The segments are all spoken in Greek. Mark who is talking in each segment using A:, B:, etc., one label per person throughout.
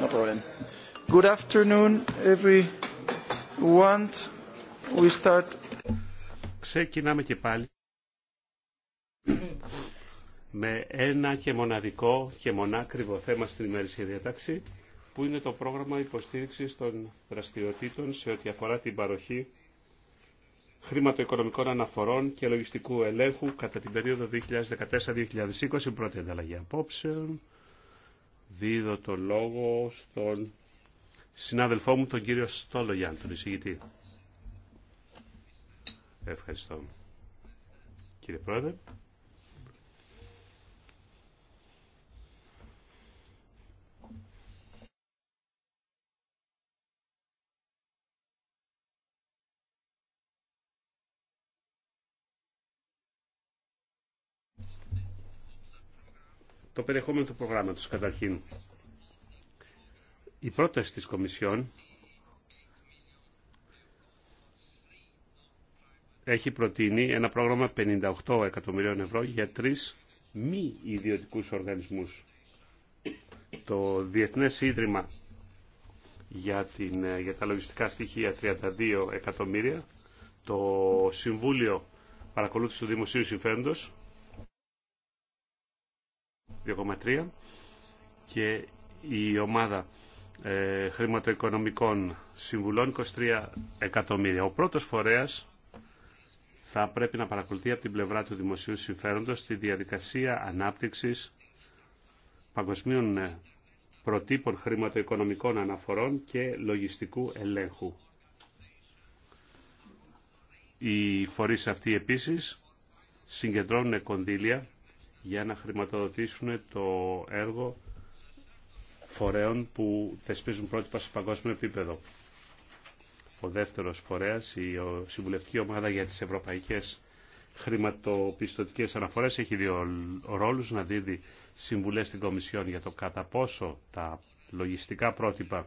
A: No problem. Good afternoon, everyone. We start.
B: Ξεκινάμε και πάλι με ένα και μοναδικό και μονάκριβο θέμα στην ημερήσια διατάξη που είναι το πρόγραμμα υποστήριξης των δραστηριοτήτων σε ό,τι αφορά την παροχή χρηματοοικονομικών αναφορών και λογιστικού ελέγχου κατά την περίοδο 2014-2020, πρώτη ανταλλαγή απόψεων δίδω το λόγο στον συνάδελφό μου, τον κύριο Στόλογιάν, τον εισηγητή. Ευχαριστώ. Κύριε Πρόεδρε. το περιεχόμενο του προγράμματος καταρχήν. Η πρόταση της Κομισιόν έχει προτείνει ένα πρόγραμμα 58 εκατομμυρίων ευρώ για τρεις μη ιδιωτικούς οργανισμούς. Το Διεθνές Ίδρυμα για, την, για τα λογιστικά στοιχεία 32 εκατομμύρια, το Συμβούλιο Παρακολούθηση του Δημοσίου Συμφέροντος 2,3 και η ομάδα ε, χρηματοοικονομικών συμβουλών 23 εκατομμύρια. Ο πρώτος φορέας θα πρέπει να παρακολουθεί από την πλευρά του δημοσίου συμφέροντος τη διαδικασία ανάπτυξης παγκοσμίων ε, προτύπων χρηματοοικονομικών αναφορών και λογιστικού ελέγχου. Οι φορείς αυτοί επίσης συγκεντρώνουν κονδύλια για να χρηματοδοτήσουν το έργο φορέων που θεσπίζουν πρότυπα σε παγκόσμιο επίπεδο. Ο δεύτερος φορέας, η Συμβουλευτική Ομάδα για τις Ευρωπαϊκές Χρηματοπιστωτικές Αναφορές, έχει δύο ρόλους, να δίδει συμβουλές στην Κομισιόν για το κατά πόσο τα λογιστικά πρότυπα,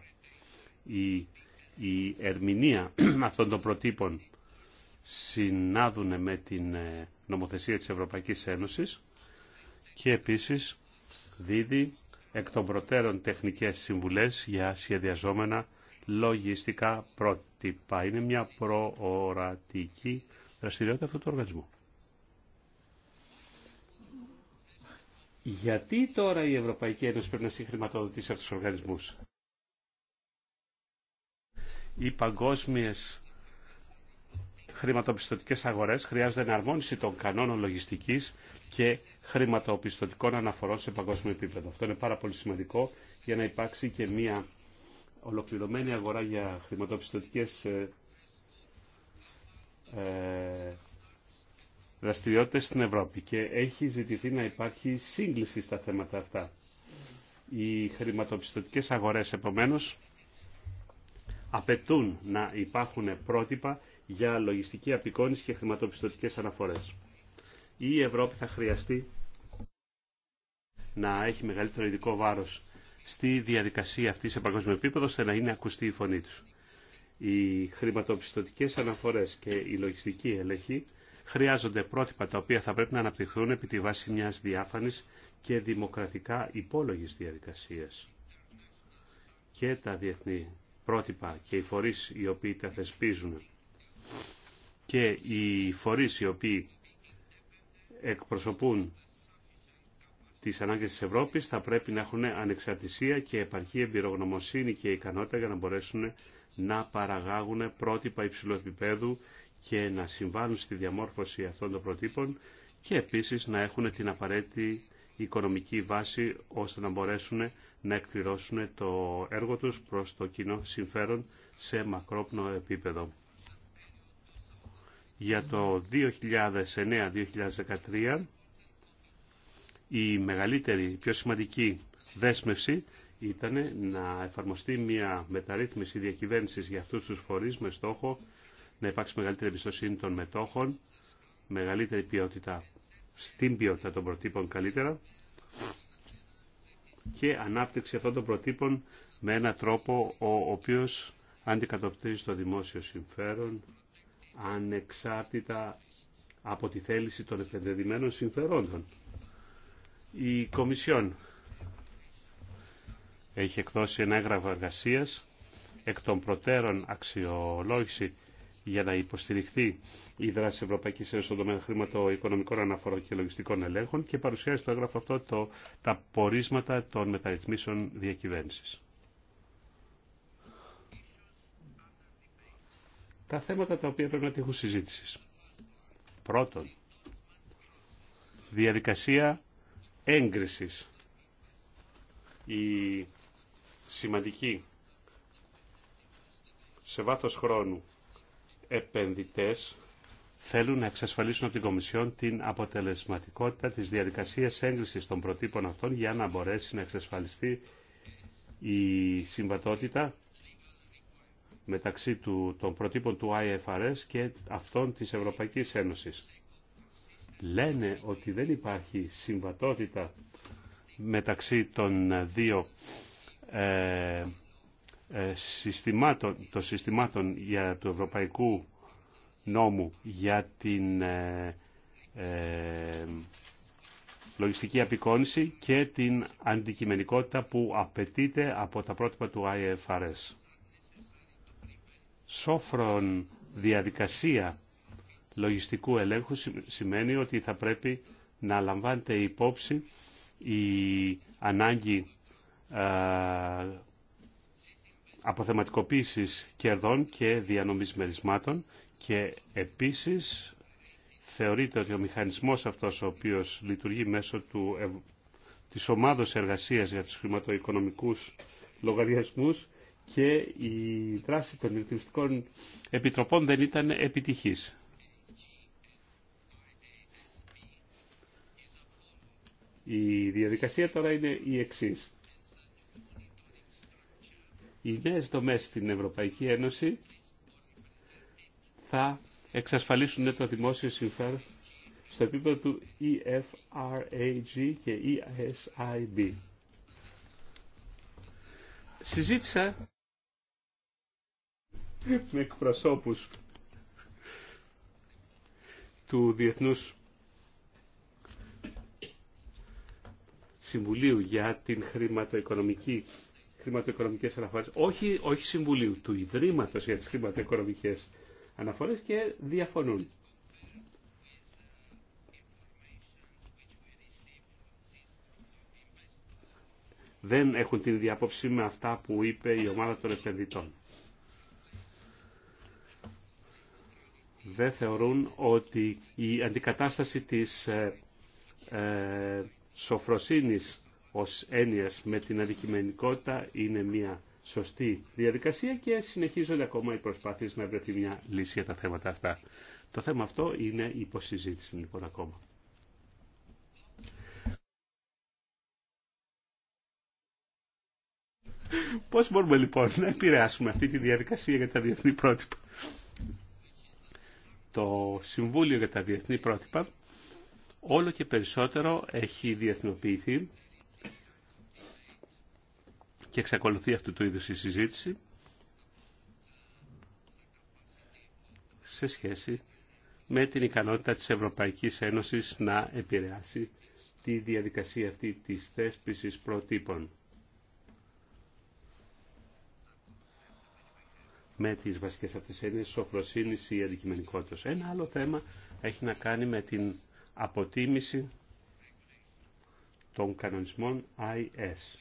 B: η, η ερμηνεία αυτών των προτύπων συνάδουν με την ε, νομοθεσία της Ευρωπαϊκής Ένωσης και επίσης δίδει εκ των προτέρων τεχνικές συμβουλές για σχεδιαζόμενα λογιστικά πρότυπα. Είναι μια προορατική δραστηριότητα αυτού του οργανισμού. Γιατί τώρα η Ευρωπαϊκή Ένωση πρέπει να συγχρηματοδοτήσει αυτούς τους οργανισμούς. Οι παγκόσμιες χρηματοπιστωτικές αγορές χρειάζονται εναρμόνιση των κανόνων λογιστικής και χρηματοπιστωτικών αναφορών σε παγκόσμιο επίπεδο. Αυτό είναι πάρα πολύ σημαντικό για να υπάρξει και μια ολοκληρωμένη αγορά για χρηματοπιστωτικές ε, ε, δραστηριότητες στην Ευρώπη και έχει ζητηθεί να υπάρχει σύγκληση στα θέματα αυτά. Οι χρηματοπιστωτικές αγορές επομένως απαιτούν να υπάρχουν πρότυπα για λογιστική απεικόνηση και χρηματοπιστωτικές αναφορές η Ευρώπη θα χρειαστεί να έχει μεγαλύτερο ειδικό βάρος στη διαδικασία αυτή σε παγκόσμιο επίπεδο, ώστε να είναι ακουστή η φωνή τους. Οι χρηματοπιστωτικές αναφορές και η λογιστική έλεγχη χρειάζονται πρότυπα τα οποία θα πρέπει να αναπτυχθούν επί τη βάση μιας διάφανης και δημοκρατικά υπόλογης διαδικασίας. Και τα διεθνή πρότυπα και οι φορείς οι οποίοι τα θεσπίζουν και οι φορείς οι οποίοι εκπροσωπούν τις ανάγκες της Ευρώπης θα πρέπει να έχουν ανεξαρτησία και επαρκή εμπειρογνωμοσύνη και ικανότητα για να μπορέσουν να παραγάγουν πρότυπα υψηλού επίπεδου και να συμβάλλουν στη διαμόρφωση αυτών των προτύπων και επίσης να έχουν την απαραίτητη οικονομική βάση ώστε να μπορέσουν να εκπληρώσουν το έργο τους προς το κοινό συμφέρον σε μακρόπνο επίπεδο για το 2009-2013 η μεγαλύτερη, η πιο σημαντική δέσμευση ήταν να εφαρμοστεί μια μεταρρύθμιση διακυβέρνησης για αυτούς τους φορείς με στόχο να υπάρξει μεγαλύτερη εμπιστοσύνη των μετόχων, μεγαλύτερη ποιότητα στην ποιότητα των προτύπων καλύτερα και ανάπτυξη αυτών των προτύπων με έναν τρόπο ο οποίος αντικατοπτρίζει το δημόσιο συμφέρον ανεξάρτητα από τη θέληση των επενδεδημένων συμφερόντων. Η Κομισιόν έχει εκδώσει ένα έγγραφο εργασία εκ των προτέρων αξιολόγηση για να υποστηριχθεί η δράση Ευρωπαϊκή Ένωση στον τομέα χρηματοοικονομικών αναφορών και λογιστικών ελέγχων και παρουσιάζει στο έγγραφο αυτό το, τα πορίσματα των μεταρρυθμίσεων διακυβέρνηση. τα θέματα τα οποία πρέπει να τύχουν συζήτηση. Πρώτον, διαδικασία έγκρισης. Η σημαντική σε βάθος χρόνου επενδυτές θέλουν να εξασφαλίσουν από την Κομισιόν την αποτελεσματικότητα της διαδικασίας έγκρισης των προτύπων αυτών για να μπορέσει να εξασφαλιστεί η συμβατότητα μεταξύ του, των προτύπων του IFRS και αυτών της Ευρωπαϊκής Ένωσης. Λένε ότι δεν υπάρχει συμβατότητα μεταξύ των δύο ε, ε συστημάτων, των για του Ευρωπαϊκού Νόμου για την ε, ε, λογιστική απεικόνηση και την αντικειμενικότητα που απαιτείται από τα πρότυπα του IFRS σόφρον διαδικασία λογιστικού ελέγχου σημαίνει ότι θα πρέπει να λαμβάνεται υπόψη η ανάγκη αποθεματικοποίησης κερδών και διανομής μερισμάτων και επίσης θεωρείται ότι ο μηχανισμός αυτός ο οποίος λειτουργεί μέσω του, της ομάδος εργασίας για τους χρηματοοικονομικούς λογαριασμούς και η δράση των ρυθμιστικών επιτροπών δεν ήταν επιτυχής. Η διαδικασία τώρα είναι η εξής. Οι νέε δομέ στην Ευρωπαϊκή Ένωση θα εξασφαλίσουν το δημόσιο συμφέρον στο επίπεδο του EFRAG και ESIB. Συζήτησα με εκπροσώπους του Διεθνούς Συμβουλίου για την χρηματοοικονομική χρηματοοικονομικές αναφορές, όχι, όχι Συμβουλίου, του Ιδρύματος για τις χρηματοοικονομικές αναφορές και διαφωνούν. Δεν έχουν την διάποψη με αυτά που είπε η ομάδα των επενδυτών. δεν θεωρούν ότι η αντικατάσταση της ε, ε, σοφροσύνης ως έννοιας με την αντικειμενικότητα είναι μια σωστή διαδικασία και συνεχίζονται ακόμα οι προσπάθειες να βρεθεί μια λύση για τα θέματα αυτά. Το θέμα αυτό είναι η υποσυζήτηση λοιπόν ακόμα. Πώς μπορούμε λοιπόν να επηρεάσουμε αυτή τη διαδικασία για τα διεθνή πρότυπα το Συμβούλιο για τα Διεθνή Πρότυπα όλο και περισσότερο έχει διεθνοποιηθεί και εξακολουθεί αυτού του είδους η συζήτηση σε σχέση με την ικανότητα της Ευρωπαϊκής Ένωσης να επηρεάσει τη διαδικασία αυτή της θέσπισης προτύπων. με τις βασικές αυτές έννοιες σοφροσύνης ή αντικειμενικότητα. Ένα άλλο θέμα έχει να κάνει με την αποτίμηση των κανονισμών IS.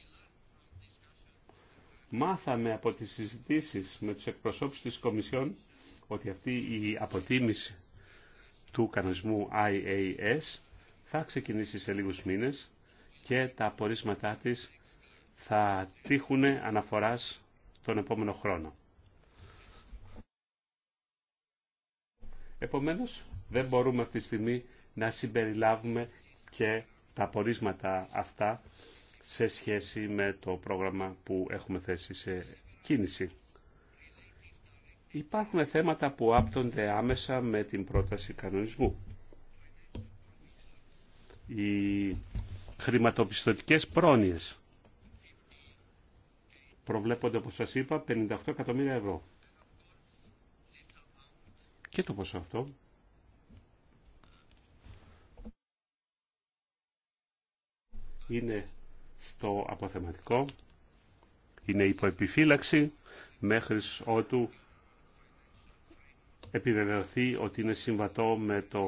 B: Μάθαμε από τις συζητήσεις με τους εκπροσώπους της Κομισιόν ότι αυτή η αποτίμηση του κανονισμού IAS θα ξεκινήσει σε λίγους μήνες και τα απορίσματά της θα τύχουν αναφοράς τον επόμενο χρόνο. Επομένως, δεν μπορούμε αυτή τη στιγμή να συμπεριλάβουμε και τα απορίσματα αυτά σε σχέση με το πρόγραμμα που έχουμε θέσει σε κίνηση. Υπάρχουν θέματα που άπτονται άμεσα με την πρόταση κανονισμού. Οι χρηματοπιστωτικές πρόνοιες προβλέπονται, όπως σας είπα, 58 εκατομμύρια ευρώ και το ποσό αυτό είναι στο αποθεματικό, είναι υπό επιφύλαξη μέχρι ότου επιβεβαιωθεί ότι είναι συμβατό με το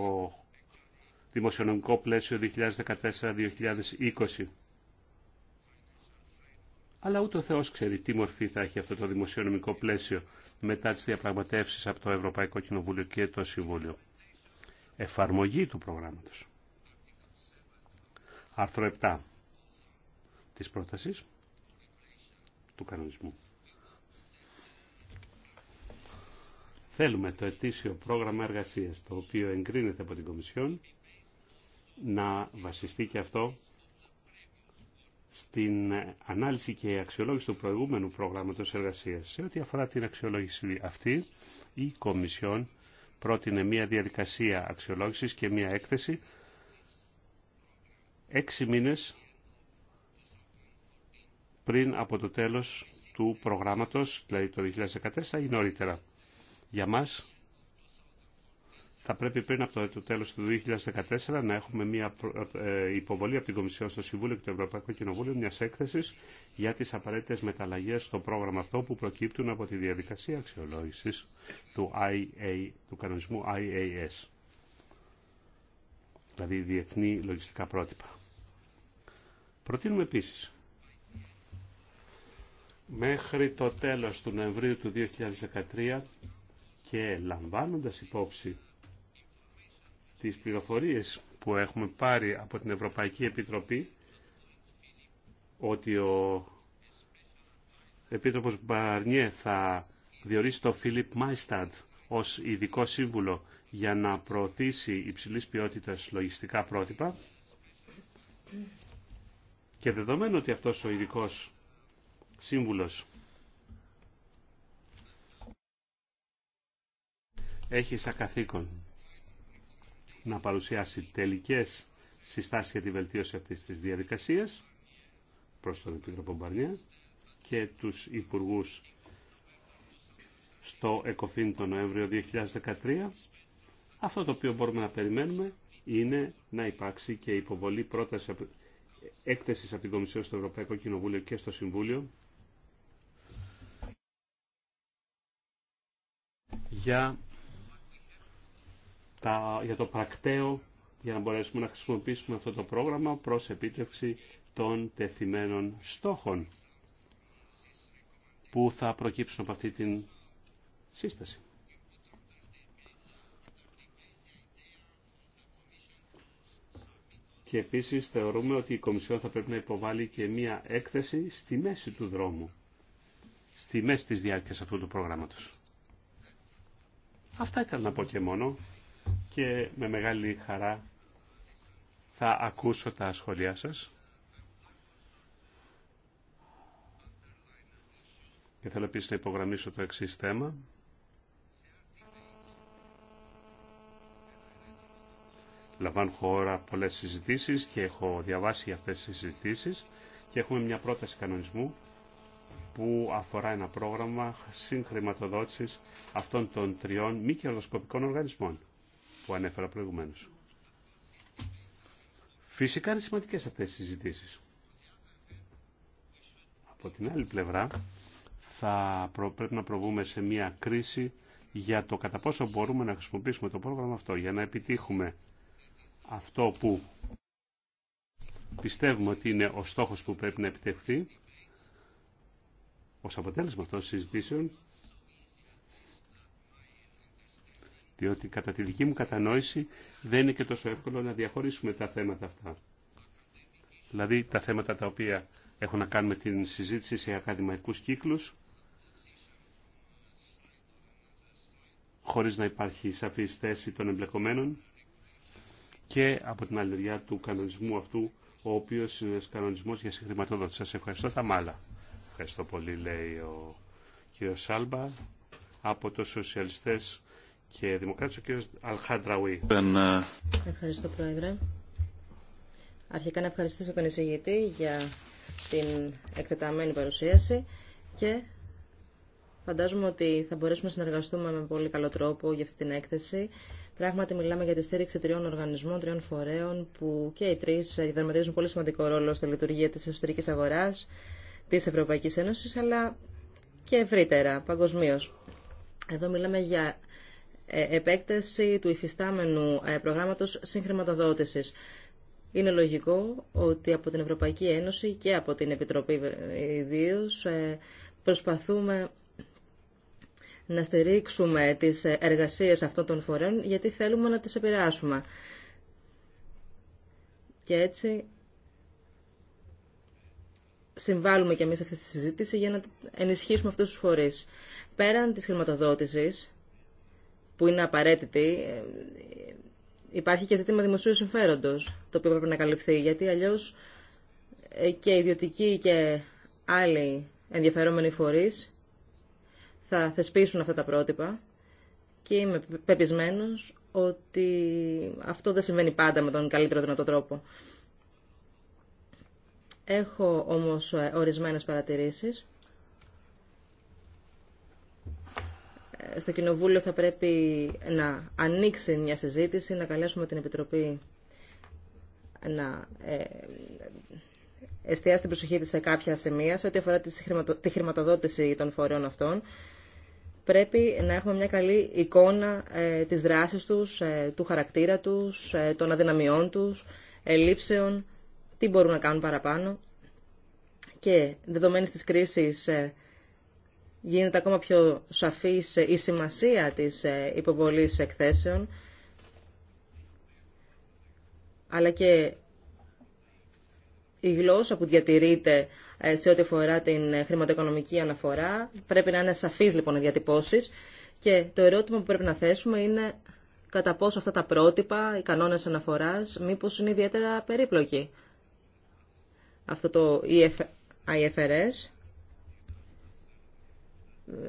B: δημοσιονομικό πλαίσιο 2014-2020 αλλά ούτε ο Θεός ξέρει τι μορφή θα έχει αυτό το δημοσιονομικό πλαίσιο μετά τι διαπραγματεύσει από το Ευρωπαϊκό Κοινοβούλιο και το Συμβούλιο. Εφαρμογή του προγράμματο. Άρθρο 7 τη πρόταση του κανονισμού. Θέλουμε το ετήσιο πρόγραμμα εργασίας, το οποίο εγκρίνεται από την Κομισιόν, να βασιστεί και αυτό στην ανάλυση και αξιολόγηση του προηγούμενου προγράμματος εργασίας. Σε ό,τι αφορά την αξιολόγηση αυτή, η Κομισιόν πρότεινε μία διαδικασία αξιολόγησης και μία έκθεση έξι μήνες πριν από το τέλος του προγράμματος, δηλαδή το 2014 ή νωρίτερα. Για μας θα πρέπει πριν από το τέλος του 2014 να έχουμε μια ε, υποβολή από την Κομισιόν στο Συμβούλιο και το Ευρωπαϊκό Κοινοβούλιο μια έκθεση για τις απαραίτητες μεταλλαγές στο πρόγραμμα αυτό που προκύπτουν από τη διαδικασία αξιολόγησης του, του κανονισμού IAS, δηλαδή Διεθνή Λογιστικά Πρότυπα. Προτείνουμε επίσης μέχρι το τέλος του Νοεμβρίου του 2013 και λαμβάνοντας υπόψη τις πληροφορίες που έχουμε πάρει από την Ευρωπαϊκή Επιτροπή ότι ο Επίτροπος Μπαρνιέ θα διορίσει τον Φίλιπ Μάισταντ ως ειδικό σύμβουλο για να προωθήσει υψηλής ποιότητας λογιστικά πρότυπα και δεδομένου ότι αυτός ο ειδικό σύμβουλος έχει σαν καθήκον να παρουσιάσει τελικές συστάσεις για τη βελτίωση αυτής της διαδικασίας προς τον Επίτροπο Μπαρνιέ και τους Υπουργούς στο ΕΚΟΦΗΝ τον Νοέμβριο 2013. Αυτό το οποίο μπορούμε να περιμένουμε είναι να υπάρξει και υποβολή πρόταση έκθεσης από την Κομισιόν στο Ευρωπαϊκό Κοινοβούλιο και στο Συμβούλιο για τα, για το πρακτέο για να μπορέσουμε να χρησιμοποιήσουμε αυτό το πρόγραμμα προς επίτευξη των τεθειμένων στόχων που θα προκύψουν από αυτή την σύσταση. Και επίσης θεωρούμε ότι η Κομισιόν θα πρέπει να υποβάλει και μία έκθεση στη μέση του δρόμου, στη μέση της διάρκειας αυτού του προγράμματος. Αυτά ήθελα να πω και μόνο και με μεγάλη χαρά θα ακούσω τα σχόλιά σας. Και θέλω επίσης να υπογραμμίσω το εξής θέμα. Λαμβάνω χώρα πολλές συζητήσεις και έχω διαβάσει αυτές τις συζητήσεις και έχουμε μια πρόταση κανονισμού που αφορά ένα πρόγραμμα συγχρηματοδότησης αυτών των τριών μη κερδοσκοπικών οργανισμών που ανέφερα προηγουμένω. Φυσικά είναι σημαντικέ αυτέ οι συζητήσει. Από την άλλη πλευρά θα πρέπει να προβούμε σε μια κρίση για το κατά πόσο μπορούμε να χρησιμοποιήσουμε το πρόγραμμα αυτό για να επιτύχουμε αυτό που πιστεύουμε ότι είναι ο στόχος που πρέπει να επιτευχθεί ως αποτέλεσμα αυτών των συζητήσεων διότι κατά τη δική μου κατανόηση δεν είναι και τόσο εύκολο να διαχωρίσουμε τα θέματα αυτά. Δηλαδή τα θέματα τα οποία έχουν να κάνουν με την συζήτηση σε ακαδημαϊκούς κύκλους, χωρίς να υπάρχει σαφή θέση των εμπλεκομένων και από την άλλη του κανονισμού αυτού, ο οποίος είναι κανονισμός για συγχρηματοδότηση. Σας ευχαριστώ θα μάλα. Ευχαριστώ πολύ λέει ο κύριος Σάλμπα από τους σοσιαλιστές και Δημοκράτης, ο κ. Αλχάντραουι.
C: Ε,
A: Ευχαριστώ, Πρόεδρε. Αρχικά να ευχαριστήσω τον εισηγητή για την εκτεταμένη παρουσίαση και φαντάζομαι ότι θα μπορέσουμε να συνεργαστούμε με πολύ καλό τρόπο για αυτή την έκθεση. Πράγματι, μιλάμε για τη στήριξη τριών οργανισμών, τριών φορέων, που και οι τρει διαδραματίζουν πολύ σημαντικό ρόλο στη λειτουργία τη εσωτερική αγορά τη Ευρωπαϊκή Ένωση, αλλά και ευρύτερα, παγκοσμίω. Εδώ μιλάμε για ε, επέκταση του υφιστάμενου ε, προγράμματος συγχρηματοδότησης. Είναι λογικό ότι από την Ευρωπαϊκή Ένωση και από την Επιτροπή ιδίω ε, προσπαθούμε να στηρίξουμε τις εργασίες αυτών των φορέων γιατί θέλουμε να τις επηρεάσουμε. Και έτσι συμβάλλουμε και εμείς σε αυτή τη συζήτηση για να ενισχύσουμε αυτούς τους φορείς. Πέραν της χρηματοδότησης, που είναι απαραίτητη, ε, υπάρχει και ζήτημα δημοσίου συμφέροντος, το οποίο πρέπει να καλυφθεί, γιατί αλλιώς ε, και ιδιωτικοί και άλλοι ενδιαφερόμενοι φορείς θα θεσπίσουν αυτά τα πρότυπα και είμαι πεπισμένος ότι αυτό δεν συμβαίνει πάντα με τον καλύτερο δυνατό τρόπο. Έχω όμως ε, ορισμένες παρατηρήσεις. στο Κοινοβούλιο θα πρέπει να ανοίξει μια συζήτηση, να καλέσουμε την Επιτροπή να ε, εστιάσει την προσοχή της σε κάποια σημεία σε ό,τι αφορά τη χρηματοδότηση των φορέων αυτών. Πρέπει να έχουμε μια καλή εικόνα ε, της δράσης τους, ε, του χαρακτήρα τους, των αδυναμιών τους, ελλείψεων, τι μπορούν να κάνουν παραπάνω. Και δεδομένης της κρίσης γίνεται ακόμα πιο σαφής η σημασία της ε, υποβολής εκθέσεων, αλλά και η γλώσσα που διατηρείται ε, σε ό,τι αφορά την χρηματοοικονομική αναφορά. Πρέπει να είναι σαφής λοιπόν οι διατυπώσεις και το ερώτημα που πρέπει να θέσουμε είναι κατά πόσο αυτά τα πρότυπα, οι κανόνες αναφοράς, μήπως είναι ιδιαίτερα περίπλοκοι. Αυτό το e IFRS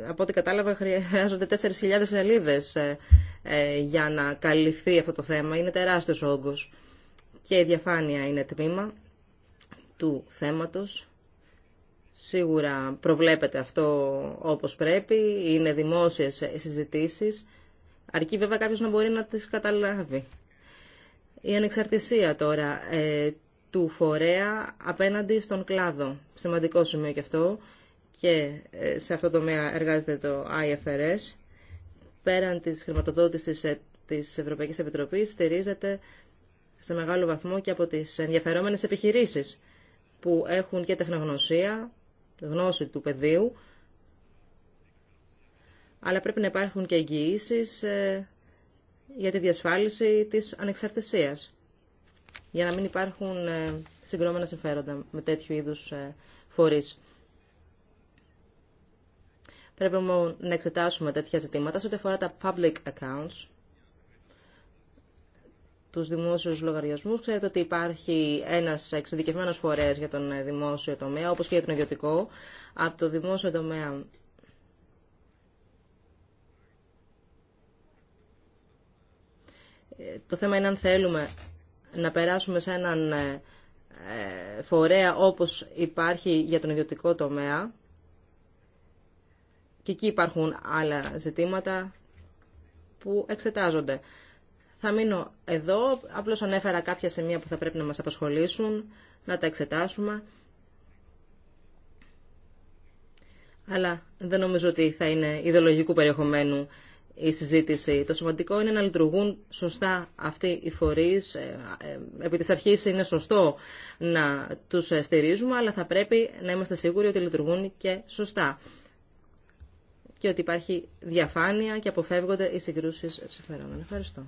A: από ό,τι κατάλαβα χρειάζονται 4.000 σελίδες ε, ε, για να καλυφθεί αυτό το θέμα. Είναι τεράστιος όγκος και η διαφάνεια είναι τμήμα του θέματος. Σίγουρα προβλέπεται αυτό όπως πρέπει, είναι δημόσιες συζητήσεις, αρκεί βέβαια κάποιος να μπορεί να τις καταλάβει. Η ανεξαρτησία τώρα ε, του φορέα απέναντι στον κλάδο, σημαντικό σημείο και αυτό, και ε, σε αυτό το τομέα εργάζεται το IFRS. Πέραν της χρηματοδότησης ε, της Ευρωπαϊκής Επιτροπής στηρίζεται σε μεγάλο βαθμό και από τις ενδιαφερόμενες επιχειρήσεις που έχουν και τεχνογνωσία, γνώση του πεδίου, αλλά πρέπει να υπάρχουν και εγγυήσει ε, για τη διασφάλιση της ανεξαρτησίας, για να μην υπάρχουν συγκρόμενα συμφέροντα με τέτοιου είδους φορείς. Πρέπει να εξετάσουμε τέτοια ζητήματα σε ό,τι αφορά τα public accounts, τους δημόσιους λογαριασμούς. Ξέρετε ότι υπάρχει ένας εξειδικευμένος φορέας για τον δημόσιο τομέα, όπως και για τον ιδιωτικό. Από το δημόσιο τομέα το θέμα είναι αν θέλουμε να περάσουμε σε έναν ε, φορέα όπως υπάρχει για τον ιδιωτικό τομέα και εκεί υπάρχουν άλλα ζητήματα που εξετάζονται. Θα μείνω εδώ, απλώς ανέφερα κάποια σημεία που θα πρέπει να μας απασχολήσουν, να τα εξετάσουμε. Αλλά δεν νομίζω ότι θα είναι ιδεολογικού περιεχομένου η συζήτηση. Το σημαντικό είναι να λειτουργούν σωστά αυτοί οι φορείς. Ε, ε, επί της αρχής είναι σωστό να τους στηρίζουμε, αλλά θα πρέπει να είμαστε σίγουροι ότι λειτουργούν και σωστά και ότι υπάρχει διαφάνεια και αποφεύγονται οι συγκρούσεις συμφερόντων. Ευχαριστώ.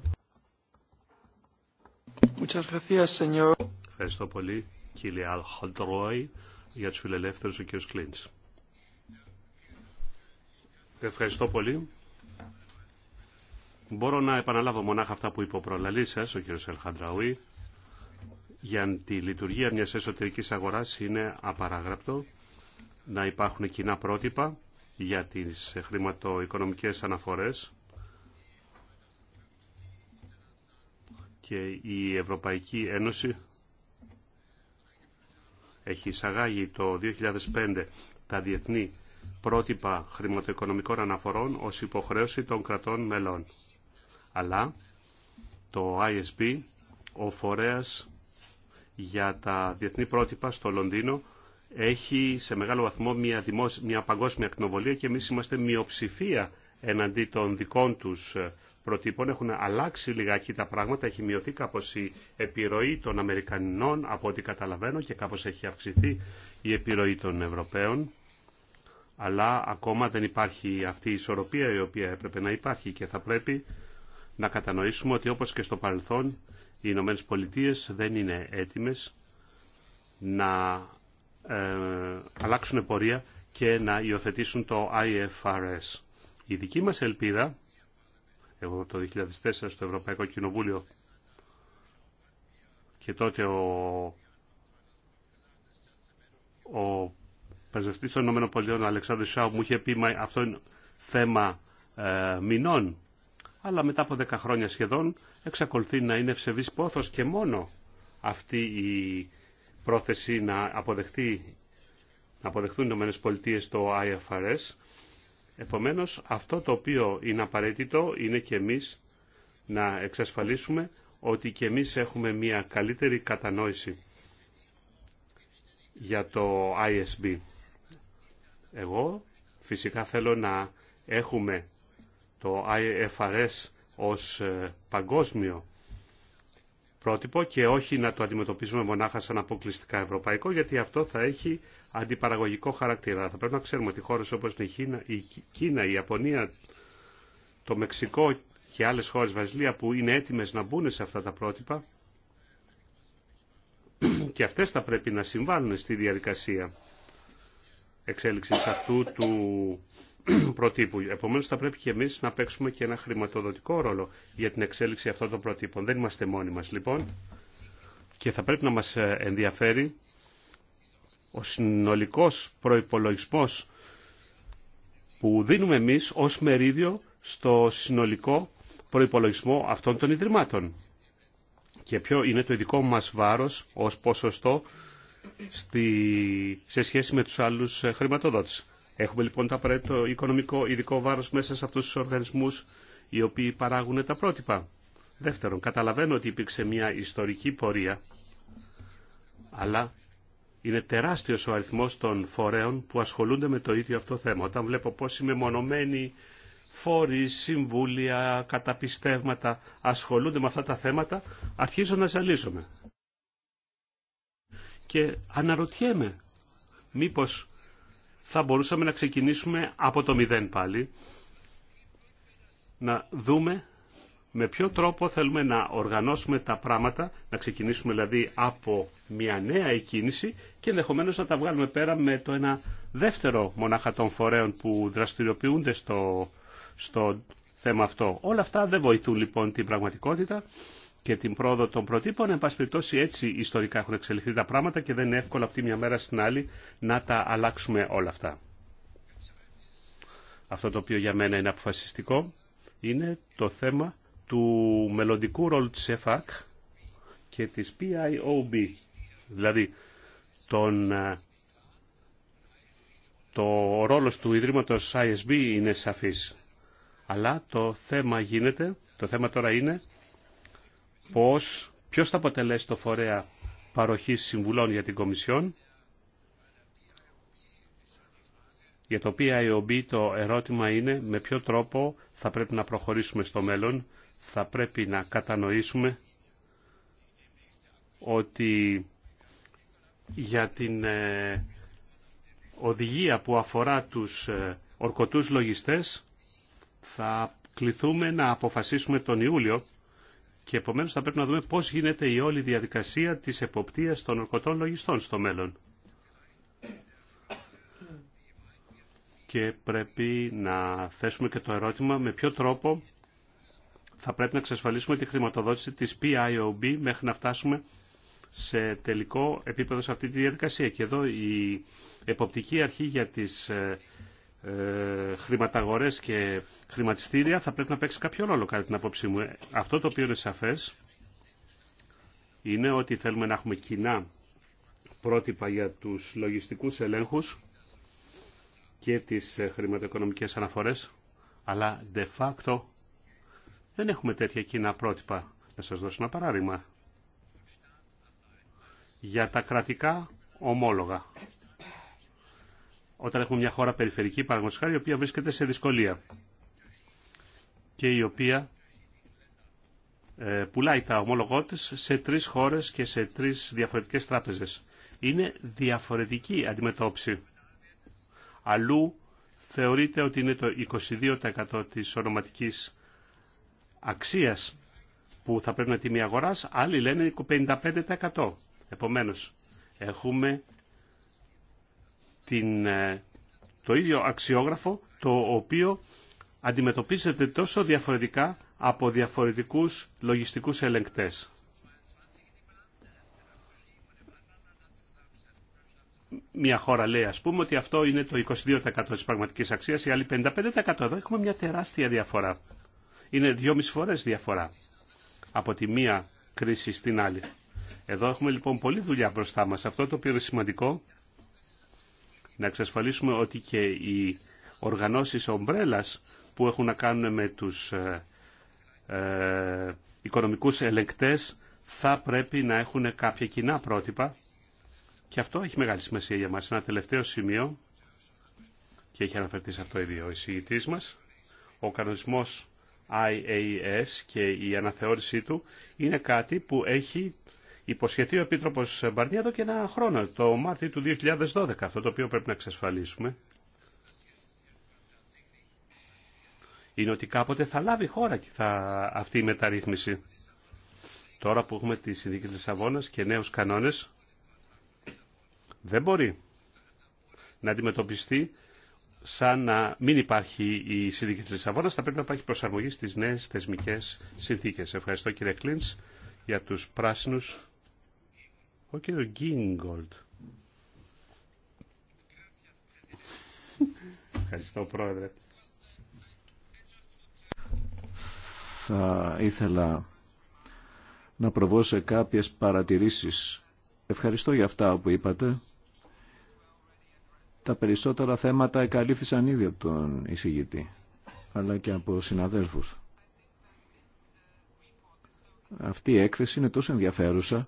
B: Ευχαριστώ πολύ κύριε Αλχαντρόη για τους φιλελεύθερους ο κύριος Κλίντς. Ευχαριστώ πολύ. Μπορώ να επαναλάβω μονάχα αυτά που είπε ο προλαλής σας, ο κύριος Αλχαντραούι, για τη λειτουργία μιας εσωτερικής αγοράς είναι απαράγραπτο να υπάρχουν κοινά πρότυπα για τις χρηματοοικονομικές αναφορές και η Ευρωπαϊκή Ένωση έχει εισαγάγει το 2005 τα διεθνή πρότυπα χρηματοοικονομικών αναφορών ως υποχρέωση των κρατών μελών. Αλλά το ISB, ο φορέας για τα διεθνή πρότυπα στο Λονδίνο, έχει σε μεγάλο βαθμό μια, μια παγκόσμια ακτινοβολία και εμείς είμαστε μειοψηφία εναντί των δικών τους ε, προτύπων. Έχουν αλλάξει λιγάκι τα πράγματα, έχει μειωθεί κάπως η επιρροή των Αμερικανινών από ό,τι καταλαβαίνω και κάπως έχει αυξηθεί η επιρροή των Ευρωπαίων. Αλλά ακόμα δεν υπάρχει αυτή η ισορροπία η οποία έπρεπε να υπάρχει και θα πρέπει να κατανοήσουμε ότι όπως και στο παρελθόν οι Ηνωμένε Πολιτείε δεν είναι έτοιμες να ε, αλλάξουν πορεία και να υιοθετήσουν το IFRS. Η δική μας ελπίδα, εγώ το 2004 στο Ευρωπαϊκό Κοινοβούλιο και τότε ο, ο πρεσβευτής των ΗΠΑ, ο Αλεξάνδρου Σάου, μου είχε πει αυτό είναι θέμα ε, μηνών, αλλά μετά από 10 χρόνια σχεδόν εξακολουθεί να είναι ευσεβής πόθος και μόνο αυτή η πρόθεση να, αποδεχθεί, να αποδεχθούν οι ΗΠΑ Πολιτείες το IFRS. Επομένως, αυτό το οποίο είναι απαραίτητο είναι και εμείς να εξασφαλίσουμε ότι και εμείς έχουμε μια καλύτερη κατανόηση για το ISB. Εγώ φυσικά θέλω να έχουμε το IFRS ως ε, παγκόσμιο πρότυπο και όχι να το αντιμετωπίζουμε μονάχα σαν αποκλειστικά ευρωπαϊκό, γιατί αυτό θα έχει αντιπαραγωγικό χαρακτήρα. Θα πρέπει να ξέρουμε ότι χώρες όπως η Κίνα, η, Κίνα, η Ιαπωνία, το Μεξικό και άλλες χώρες Βασιλεία που είναι έτοιμες να μπουν σε αυτά τα πρότυπα και αυτές θα πρέπει να συμβάλλουν στη διαδικασία εξέλιξης αυτού του προτύπου. Επομένως θα πρέπει και εμείς να παίξουμε και ένα χρηματοδοτικό ρόλο για την εξέλιξη αυτών των προτύπων. Δεν είμαστε μόνοι μας λοιπόν και θα πρέπει να μας ε, ενδιαφέρει ο συνολικός προϋπολογισμός που δίνουμε εμείς ως μερίδιο στο συνολικό προϋπολογισμό αυτών των Ιδρυμάτων. Και ποιο είναι το ειδικό μας βάρος ως ποσοστό στη, σε σχέση με τους άλλους ε, χρηματοδότες. Έχουμε λοιπόν το απαραίτητο οικονομικό ειδικό βάρος μέσα σε αυτούς τους οργανισμούς οι οποίοι παράγουν τα πρότυπα. Δεύτερον, καταλαβαίνω ότι υπήρξε μια ιστορική πορεία, αλλά είναι τεράστιος ο αριθμός των φορέων που ασχολούνται με το ίδιο αυτό θέμα. Όταν βλέπω πώς οι μεμονωμένοι φόροι, συμβούλια, καταπιστεύματα ασχολούνται με αυτά τα θέματα, αρχίζω να ζαλίζομαι. Και αναρωτιέμαι μήπως θα μπορούσαμε να ξεκινήσουμε από το μηδέν πάλι, να δούμε με ποιο τρόπο θέλουμε να οργανώσουμε τα πράγματα, να ξεκινήσουμε δηλαδή από μια νέα εκκίνηση και ενδεχομένως να τα βγάλουμε πέρα με το ένα δεύτερο μονάχα των φορέων που δραστηριοποιούνται στο, στο θέμα αυτό. Όλα αυτά δεν βοηθούν λοιπόν την πραγματικότητα και την πρόοδο των προτύπων. Εν πάση περιπτώσει έτσι ιστορικά έχουν εξελιχθεί τα πράγματα και δεν είναι εύκολο από τη μια μέρα στην άλλη να τα αλλάξουμε όλα αυτά. Αυτό το οποίο για μένα είναι αποφασιστικό είναι το θέμα του μελλοντικού ρόλου της ΕΦΑΚ και της PIOB, δηλαδή τον, ε, το ρόλος του Ιδρύματος ISB είναι σαφής. Αλλά το θέμα γίνεται, το θέμα τώρα είναι πώς, ποιος θα αποτελέσει το φορέα παροχής συμβουλών για την Κομισιόν, για το οποίο η το ερώτημα είναι με ποιο τρόπο θα πρέπει να προχωρήσουμε στο μέλλον, θα πρέπει να κατανοήσουμε ότι για την ε, οδηγία που αφορά τους ε, ορκωτούς λογιστές θα κληθούμε να αποφασίσουμε τον Ιούλιο και επομένω θα πρέπει να δούμε πώς γίνεται η όλη διαδικασία της εποπτείας των ορκωτών λογιστών στο μέλλον. Και πρέπει να θέσουμε και το ερώτημα με ποιο τρόπο θα πρέπει να εξασφαλίσουμε τη χρηματοδότηση της PIOB μέχρι να φτάσουμε σε τελικό επίπεδο σε αυτή τη διαδικασία. Και εδώ η εποπτική αρχή για τις ε, ε, χρηματαγορές και χρηματιστήρια θα πρέπει να παίξει κάποιο ρόλο κατά την απόψη μου. Ε, αυτό το οποίο είναι σαφές είναι ότι θέλουμε να έχουμε κοινά πρότυπα για τους λογιστικούς ελέγχους και τις ε, χρηματοοικονομικές αναφορές, αλλά de facto δεν έχουμε τέτοια κοινά πρότυπα. Να σας δώσω ένα παράδειγμα. Για τα κρατικά ομόλογα όταν έχουμε μια χώρα περιφερική, παραγωγή η οποία βρίσκεται σε δυσκολία και η οποία ε, πουλάει τα ομόλογό τη σε τρεις χώρες και σε τρεις διαφορετικές τράπεζες. Είναι διαφορετική αντιμετώπιση. Αλλού θεωρείται ότι είναι το 22% της ονοματικής αξίας που θα πρέπει να τιμή αγοράς, άλλοι λένε 55%. Επομένως, έχουμε την, ε, το ίδιο αξιόγραφο το οποίο αντιμετωπίζεται τόσο διαφορετικά από διαφορετικούς λογιστικούς ελεγκτές. Μια χώρα λέει ας πούμε ότι αυτό είναι το 22% της πραγματικής αξίας, η άλλη 55%. Εδώ έχουμε μια τεράστια διαφορά. Είναι δυόμιση φορές διαφορά από τη μία κρίση στην άλλη. Εδώ έχουμε λοιπόν πολλή δουλειά μπροστά μας. Αυτό το οποίο είναι σημαντικό να εξασφαλίσουμε ότι και οι οργανώσεις ομπρέλας που έχουν να κάνουν με τους ε, ε, οικονομικούς ελεγκτές θα πρέπει να έχουν κάποια κοινά πρότυπα και αυτό έχει μεγάλη σημασία για μας. Ένα τελευταίο σημείο και έχει αναφερθεί σε αυτό ήδη ο εισηγητής μας. Ο κανονισμός IAS και η αναθεώρησή του είναι κάτι που έχει υποσχεθεί ο Επίτροπος Μπαρνία εδώ και ένα χρόνο, το Μάρτιο του 2012, αυτό το οποίο πρέπει να εξασφαλίσουμε. Είναι ότι κάποτε θα λάβει χώρα και θα, αυτή η μεταρρύθμιση. Τώρα που έχουμε τη συνδίκη της Λισαβόνας και νέους κανόνες, δεν μπορεί να αντιμετωπιστεί σαν να μην υπάρχει η συνδίκη της Λισαβόνας, θα πρέπει να υπάρχει προσαρμογή στις νέες θεσμικές συνθήκες. Ευχαριστώ κύριε Κλίντς για τους πράσινους. Ο κύριος Γκίνγκολτ. Ευχαριστώ πρόεδρε.
C: Θα ήθελα να προβώ σε κάποιες παρατηρήσεις. Ευχαριστώ για αυτά που είπατε. Τα περισσότερα θέματα εκαλύφθησαν ήδη από τον εισηγητή, αλλά και από συναδέλφους. Αυτή η έκθεση είναι τόσο ενδιαφέρουσα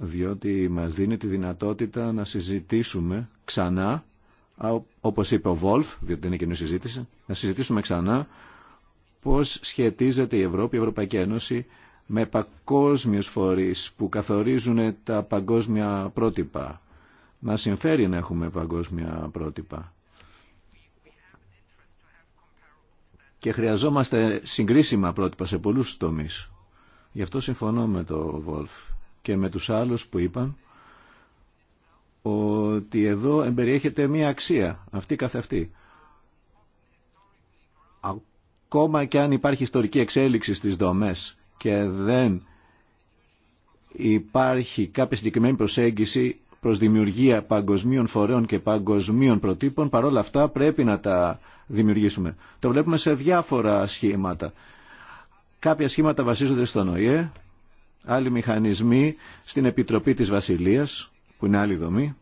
C: διότι μας δίνει τη δυνατότητα να συζητήσουμε ξανά, όπως είπε ο Βόλφ, διότι δεν είναι κοινή συζήτηση, να συζητήσουμε ξανά πώς σχετίζεται η Ευρώπη, η Ευρωπαϊκή Ένωση με παγκόσμιους φορείς που καθορίζουν τα παγκόσμια πρότυπα. Μας συμφέρει να έχουμε παγκόσμια πρότυπα. Και χρειαζόμαστε συγκρίσιμα πρότυπα σε πολλούς τομείς. Γι' αυτό συμφωνώ με το Βόλφ και με τους άλλους που είπαν ότι εδώ εμπεριέχεται μία αξία, αυτή καθ' αυτή. Ακόμα και αν υπάρχει ιστορική εξέλιξη στις δομές και δεν υπάρχει κάποια συγκεκριμένη προσέγγιση προς δημιουργία παγκοσμίων φορέων και παγκοσμίων προτύπων, παρόλα αυτά πρέπει να τα δημιουργήσουμε. Το βλέπουμε σε διάφορα σχήματα. Κάποια σχήματα βασίζονται στον ΟΗΕ, άλλοι μηχανισμοί στην Επιτροπή της Βασιλείας, που είναι άλλη δομή.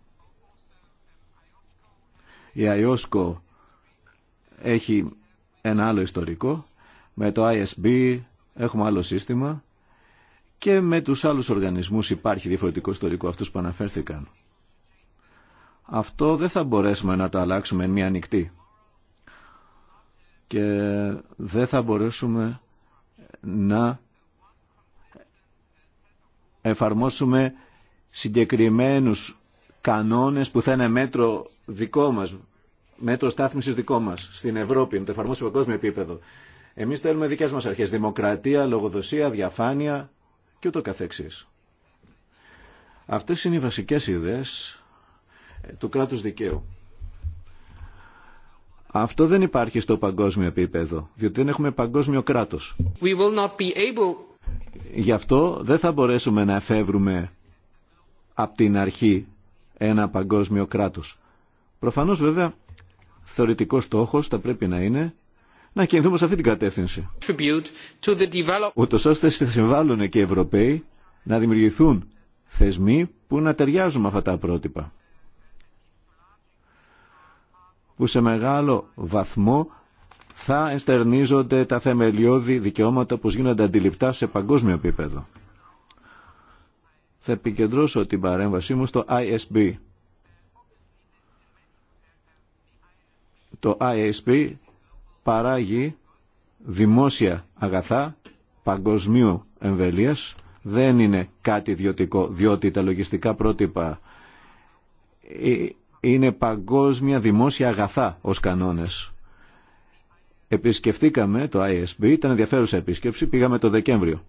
C: Η ΑΙΟΣΚΟ έχει ένα άλλο ιστορικό. Με το ISB έχουμε άλλο σύστημα. Και με τους άλλους οργανισμούς υπάρχει διαφορετικό ιστορικό, αυτούς που αναφέρθηκαν. Αυτό δεν θα μπορέσουμε να το αλλάξουμε εν μία νυχτή. Και δεν θα μπορέσουμε να εφαρμόσουμε συγκεκριμένους κανόνες που θα είναι μέτρο δικό μας, μέτρο στάθμισης δικό μας στην Ευρώπη, να το εφαρμόσουμε σε παγκόσμιο επίπεδο. Εμείς θέλουμε δικές μας αρχές, δημοκρατία, λογοδοσία, διαφάνεια και ούτω καθεξής. Αυτές είναι οι βασικές ιδέες ε, του κράτους δικαίου. Αυτό δεν υπάρχει στο παγκόσμιο επίπεδο, διότι δεν έχουμε παγκόσμιο κράτος. We will not be able Γι' αυτό δεν θα μπορέσουμε να εφεύρουμε από την αρχή ένα παγκόσμιο κράτος. Προφανώς βέβαια θεωρητικός στόχος θα πρέπει να είναι να κινηθούμε σε αυτή την κατεύθυνση. Ούτως ώστε συμβάλλουν και οι Ευρωπαίοι να δημιουργηθούν θεσμοί που να ταιριάζουν με αυτά τα πρότυπα. Που σε μεγάλο βαθμό θα ενστερνίζονται τα θεμελιώδη δικαιώματα που γίνονται αντιληπτά σε παγκόσμιο επίπεδο. Θα επικεντρώσω την παρέμβασή μου στο ISB. Το ISB παράγει δημόσια αγαθά παγκοσμίου εμβελίας. Δεν είναι κάτι ιδιωτικό, διότι τα λογιστικά πρότυπα ε, είναι παγκόσμια δημόσια αγαθά ως κανόνες επισκεφτήκαμε το ISB, ήταν ενδιαφέρουσα επίσκεψη, πήγαμε το Δεκέμβριο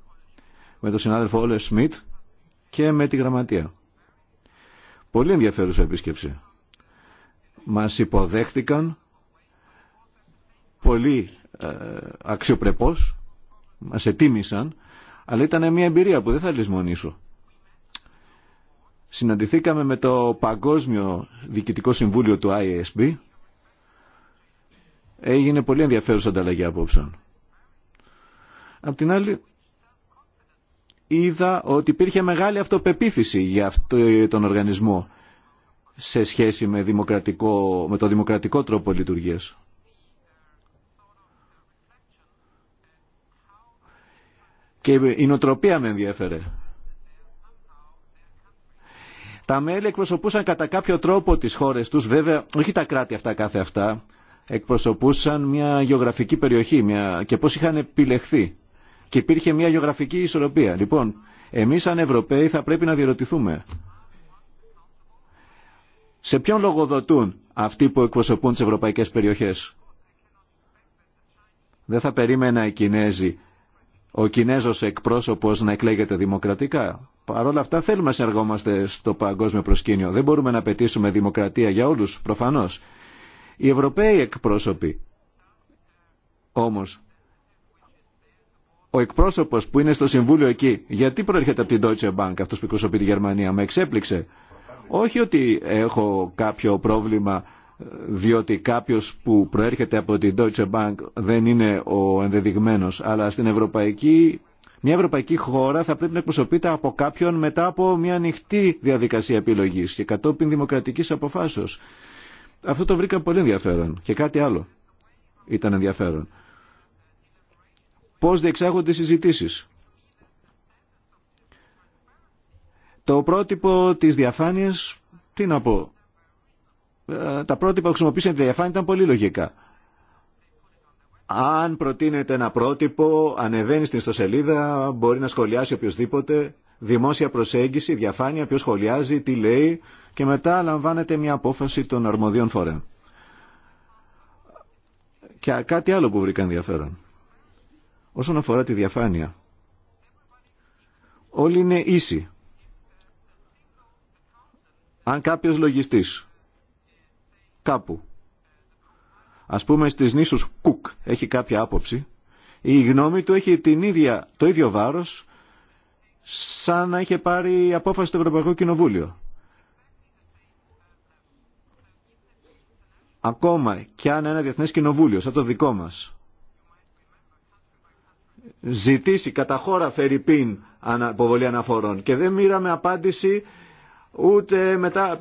C: με τον συνάδελφο Όλε Σμιτ και με τη γραμματεία. Πολύ ενδιαφέρουσα επίσκεψη. Μας υποδέχτηκαν πολύ ε, αξιοπρεπώς, μας ετίμησαν, αλλά ήταν μια εμπειρία που δεν θα λησμονήσω. Συναντηθήκαμε με το Παγκόσμιο Διοικητικό Συμβούλιο του ISB, Έγινε πολύ ενδιαφέρουσα ανταλλαγή απόψεων. Απ' την άλλη, είδα ότι υπήρχε μεγάλη αυτοπεποίθηση για αυτό τον οργανισμό σε σχέση με, δημοκρατικό, με το δημοκρατικό τρόπο λειτουργίας. Και η νοτροπία με ενδιαφέρεται. Τα μέλη εκπροσωπούσαν κατά κάποιο τρόπο τις χώρες τους, βέβαια, όχι τα κράτη αυτά κάθε αυτά, εκπροσωπούσαν μια γεωγραφική περιοχή μια... και πώς είχαν επιλεχθεί. Και υπήρχε μια γεωγραφική ισορροπία. Λοιπόν, εμείς σαν Ευρωπαίοι θα πρέπει να διερωτηθούμε. Σε ποιον λογοδοτούν αυτοί που εκπροσωπούν τις ευρωπαϊκές περιοχές. Δεν θα περίμενα οι Κινέζοι, ο Κινέζος εκπρόσωπος να εκλέγεται δημοκρατικά. Παρ' όλα αυτά θέλουμε να συνεργόμαστε στο παγκόσμιο προσκήνιο. Δεν μπορούμε να πετήσουμε δημοκρατία για όλους, προφανώς οι Ευρωπαίοι εκπρόσωποι. Όμως, ο εκπρόσωπος που είναι στο Συμβούλιο εκεί, γιατί προέρχεται από την Deutsche Bank, αυτός που εκπροσωπεί τη Γερμανία, με εξέπληξε. Όχι ότι έχω κάποιο πρόβλημα διότι κάποιος που προέρχεται από την Deutsche Bank δεν είναι ο ενδεδειγμένος, αλλά στην Ευρωπαϊκή μια ευρωπαϊκή χώρα θα πρέπει να εκπροσωπείται από κάποιον μετά από μια ανοιχτή διαδικασία επιλογής και κατόπιν δημοκρατικής αποφάσεως. Αυτό το βρήκα πολύ ενδιαφέρον. Και κάτι άλλο ήταν ενδιαφέρον. Πώς διεξάγονται οι συζητήσεις. Το πρότυπο της διαφάνειας, τι να πω, ε, τα πρότυπα που χρησιμοποίησαν τη διαφάνεια ήταν πολύ λογικά. Αν προτείνεται ένα πρότυπο, ανεβαίνει στην ιστοσελίδα, μπορεί να σχολιάσει οποιοδήποτε, δημόσια προσέγγιση, διαφάνεια, ποιο σχολιάζει, τι λέει, και μετά λαμβάνεται μια απόφαση των αρμοδίων φορέων. Και κάτι άλλο που βρήκα ενδιαφέρον. Όσον αφορά τη διαφάνεια, όλοι είναι ίσοι. Αν κάποιος λογιστής κάπου, ας πούμε στις νήσους Κουκ, έχει κάποια άποψη, η γνώμη του έχει την ίδια, το ίδιο βάρος σαν να είχε πάρει απόφαση στο Ευρωπαϊκό Κοινοβούλιο. Ακόμα και αν ένα διεθνές κοινοβούλιο, σαν το δικό μας, ζητήσει κατά χώρα Φερρυπίν αποβολή αναφορών και δεν μοίραμε απάντηση ούτε μετά